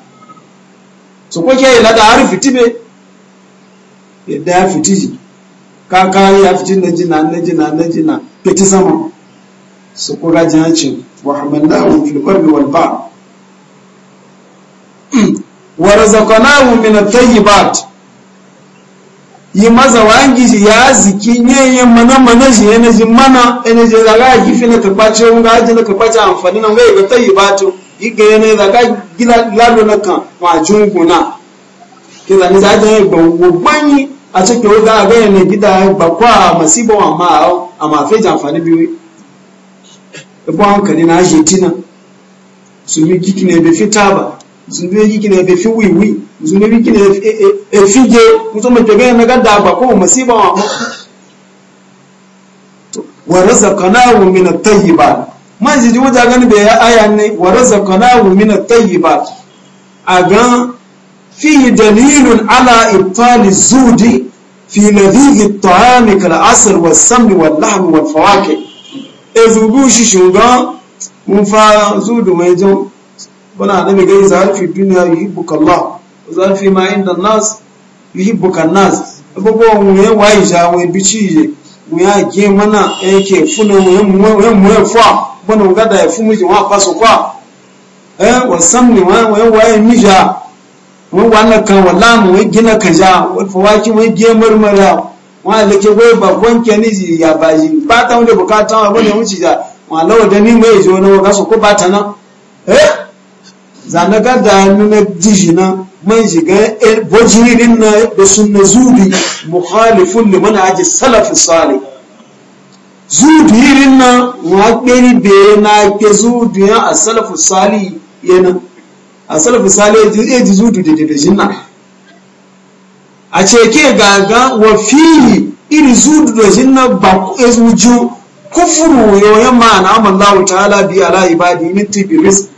so ko ke na da harfi tibe yadda ya fiti ji ka ka ya fiti na jina na jina na jina fiti sama su ko ga jancin wa hamalnahu fil barri wal bahr (clears throat) wa razaqnahu min at-tayyibat yi maza wangi ya ziki nye mana mana shi yana ji mana yana ji zaga yi fi na kakwace mun ga ajin na kakwace amfani na wai ga yi bato yi ga zaga gila lalo na kan ma junguna ke zani za ta yi gbogbo yi a cikin wuta a gaya na gida bakwa masiba wa ma a mafi ji amfani biyu ibo e hankali na ajiye su mi kiki ne bai fita ba zundu yi kina be fi wiwi zundu yi kina e eh, eh, eh, fije mutum mai tagayen na gada ba ko masiba wa mu wa razaqnahu min at-tayyibat man ji ji wuta gani be aya ne wa razaqnahu min at-tayyibat aga fi dalilun ala ibtali zudi fi nadhihi at-ta'am kal asr was-samn wal-lahm wal-fawakih ezubu shi shunga mun fa zudu mai jan bana annabi gai zafi fi duniya buka Allah zafi fi ma inda nas yi buka nas abubuwa mu ya wayi ja wai bici je mu ya ge mana yake funa mu ya mu ya fa bana ga da ya fu mu je wa faso kwa eh wa samni wa wa wayi ja mu wannan kan wallahi mu gina kaja wa fawaki mu ge marmara wa lake wai ba kwanke ni ya baji ba ta mu da bukata wa ne mu ci da wa lawa da ni mai zo na ga so ko ba ta nan eh zanaga da nuna jijina man shiga e bojiririn na da sunna zubi mukhalifun liman aji salafi sale zubirin na wakiri da na ke zubiya a salafi sale yana a salafi sale ya ji zubi da dajin na a e e ceke gaga wa fili iri zubi da na ba ku ju kufuru yoyon ma'ana amallahu ta'ala biya ala ibadi min tibi rizki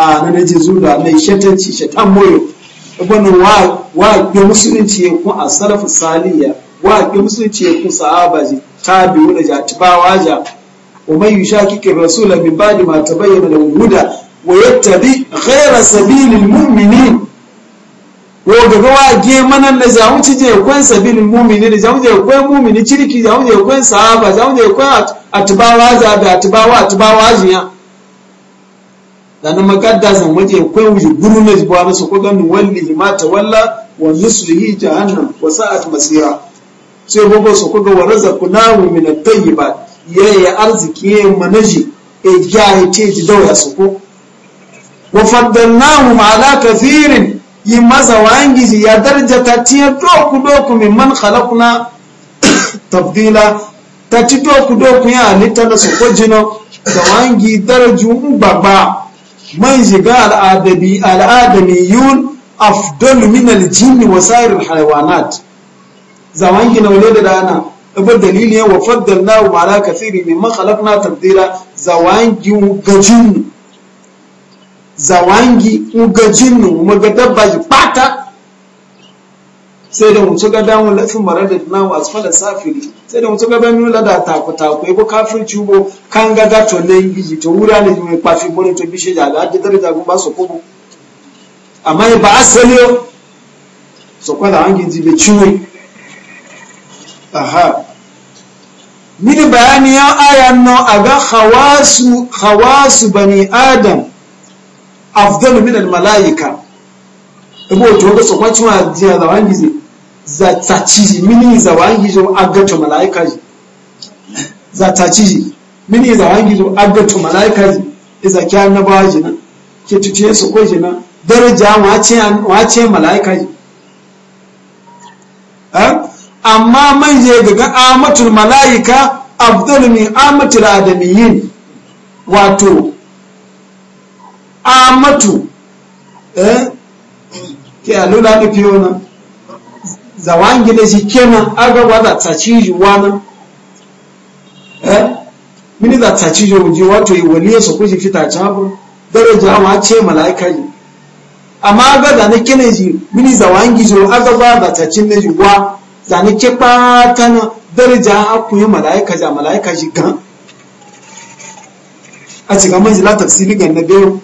a na na jizu da mai shatanci shatan moyo ibn wa wa ga musulunci ya ku a salafu saliya wa ga musulunci ya ku sahaba ji tabi'u da jatibawa ja ومن يشاكك الرسول من بعد ما تبين له الهدى ويتبع غير wa ga gawa ge manan na ja ci je kwen sabilin mumini da ja je kwen mumini ciriki ja je kwen sahaba ja je kwen atbawa za da atbawa atbawa jiya dani makaddazan waje kwai wuji guru na jibuwa na sako ganin walli ma ta walla wa nuslihi jahannam wa sa'at masira sai gogo sako ga wa razaqnahu min at-tayyibat yayi arziki yayi manaji e jahi ce ji su ko wa faddalnahu ala kathirin yi maza wangi ya darja ta tiya doku doku min man khalaqna tabdila ta ci doku doku ya halitta na ko jino da wangi darajun baba man shiga al'adabi al'adamiyun afdal min aljinni wa sa'ir alhayawanat zaman ki naule da dana ibar dalili ya faddar na ma'ala kathiri mimma khalaqna tabdila zawangi gajin zawangi ugajinu mu ga dabba sai da mutu ga damu lafi mara da namu asfala safiri sai da mutu ga banu la da taku taku ibo kafin cubo kan ga gato ne giji to wura ne mai kwafi bone to bishe da ga da da ba su kubu amma ba asali yo so kwala an giji be ciwe aha mini bayani ya ayan no aga hawasu khawasu bani adam afdalu min al malaika ibo to ga so kwaci wa jiya da wangizi za ta ciji mini za wangi zo agato malaika ji za ta ciji mini za wangi zo malaika ji iza kya annabawa ji nan ke tuce su ko ji nan daraja wace wace malaika ji amma man je daga amatul malaika afdal min amatul adamiyin wato amatu eh ke alula da fiyo nan zawangi na shi kenan aga za ta ciji wani eh? mini za ta ciji wuji wato yi waliya su kuji fita cabin daraja ma ce mala'ika yi amma da na ji mini zawangi zo aga ba za ta cin na ji wa za na ke na daraja mala'ika a mala'ika ji gan a cikin manjila tafsiri gan na biyu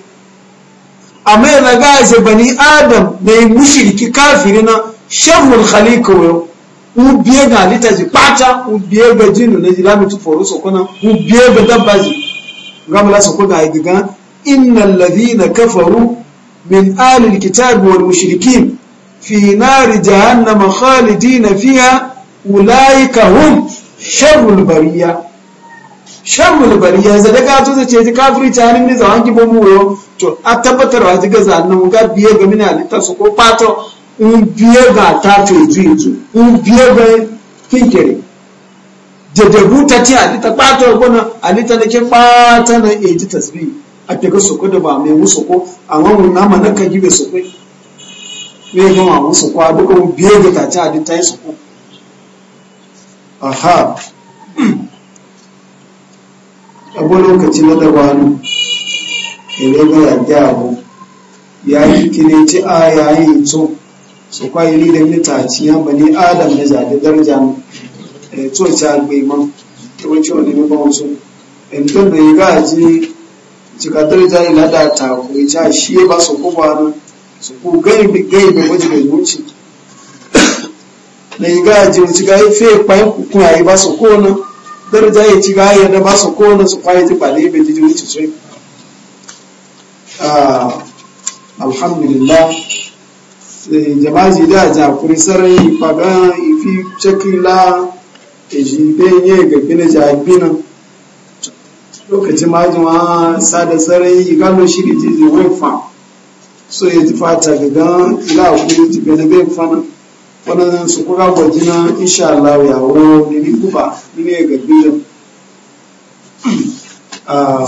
amma yana ga bani adam na mushiriki kafiri na sharrul khaliqa wayo ubiye biye ga lita ji pata u biye ga jinu na jilami tu foro so kona u biye ga dabba ji ngam la so ko ga ga innal ladhina kafaru min ahli alkitabi wal mushrikin fi nari jahannama khalidina fiha ulaika hum sharrul bariya sharrul bariya za daga to ce ji kafiri ta hannun ne zawan gibo mu to a tabbatar wa ji ga zannan ga biye ga mina lita su ko pato nbieba tatu itu itu nbieba kinkere jadabu ta ce alita ɓata gwana alita da ke ɓata na eji tasbi a kega soko da ba mai wusu ko amma mun nama na kagi bai soko ne ga ma soko ko duka mun biye ga ta ce alita yi soko aha abu (clears throat) lokaci na da wani ne ga yadda abu ya yi kine ci a yayin tsohon so kwa ili da ni taci ya bani adam na zaɗi daraja ne eh, to ta gbaiman ta wace wani ne ba wasu in ta bai gaji cika daraja ila da ta koyi ta shi ba su ko ba su ko gai gai bai waje bai wuce na yi gaji wuce ga yi fe kwayan kukun a yi ba su ko na daraja ya ci ga yadda ba su ko na su kwaye ji ba ne bai ji wuce sai ah, alhamdulillah Eh, jamaji da ja kuri sarai paga ifi chakila eji be nye ga bina ja bina lokacin majin wa sada sarai galo shiri ti ji fa so ya ti fata ga ga ila kuri ti bena be fa na wannan su kura gwajina insha Allah ya wo ni kuba ni ga bina (clears throat) ah,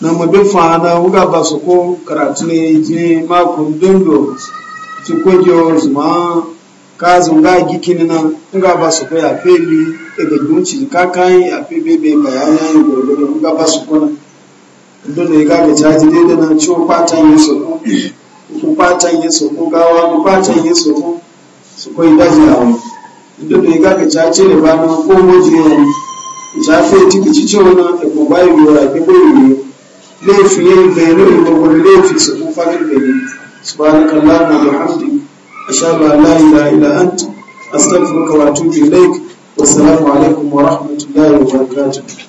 na mabe fana wuga ba su ko karatu ne je makon dundo su kojo zuma ka zunga gikini na wuga ba su ko ya feli ebe gunci ka kan ya fe bebe bayani ya gobe wuga ba su ko na dundo ya ga caji dai na ciwo patan ya su ko ko patan ya su ko gawa ko patan ya su ko su ko idaji a wani dundo ya ga caji ne ba na ko mojiya ya fe tiki cicewa na ko bayi yora ke yi laifi yayi bayanin gwagwar laifi su kun fadin bayani subhanaka allahumma wa hamdi ashhadu an la ilaha illa anta astaghfiruka wa atubu ilaik wassalamu alaikum wa rahmatullahi wa barakatuh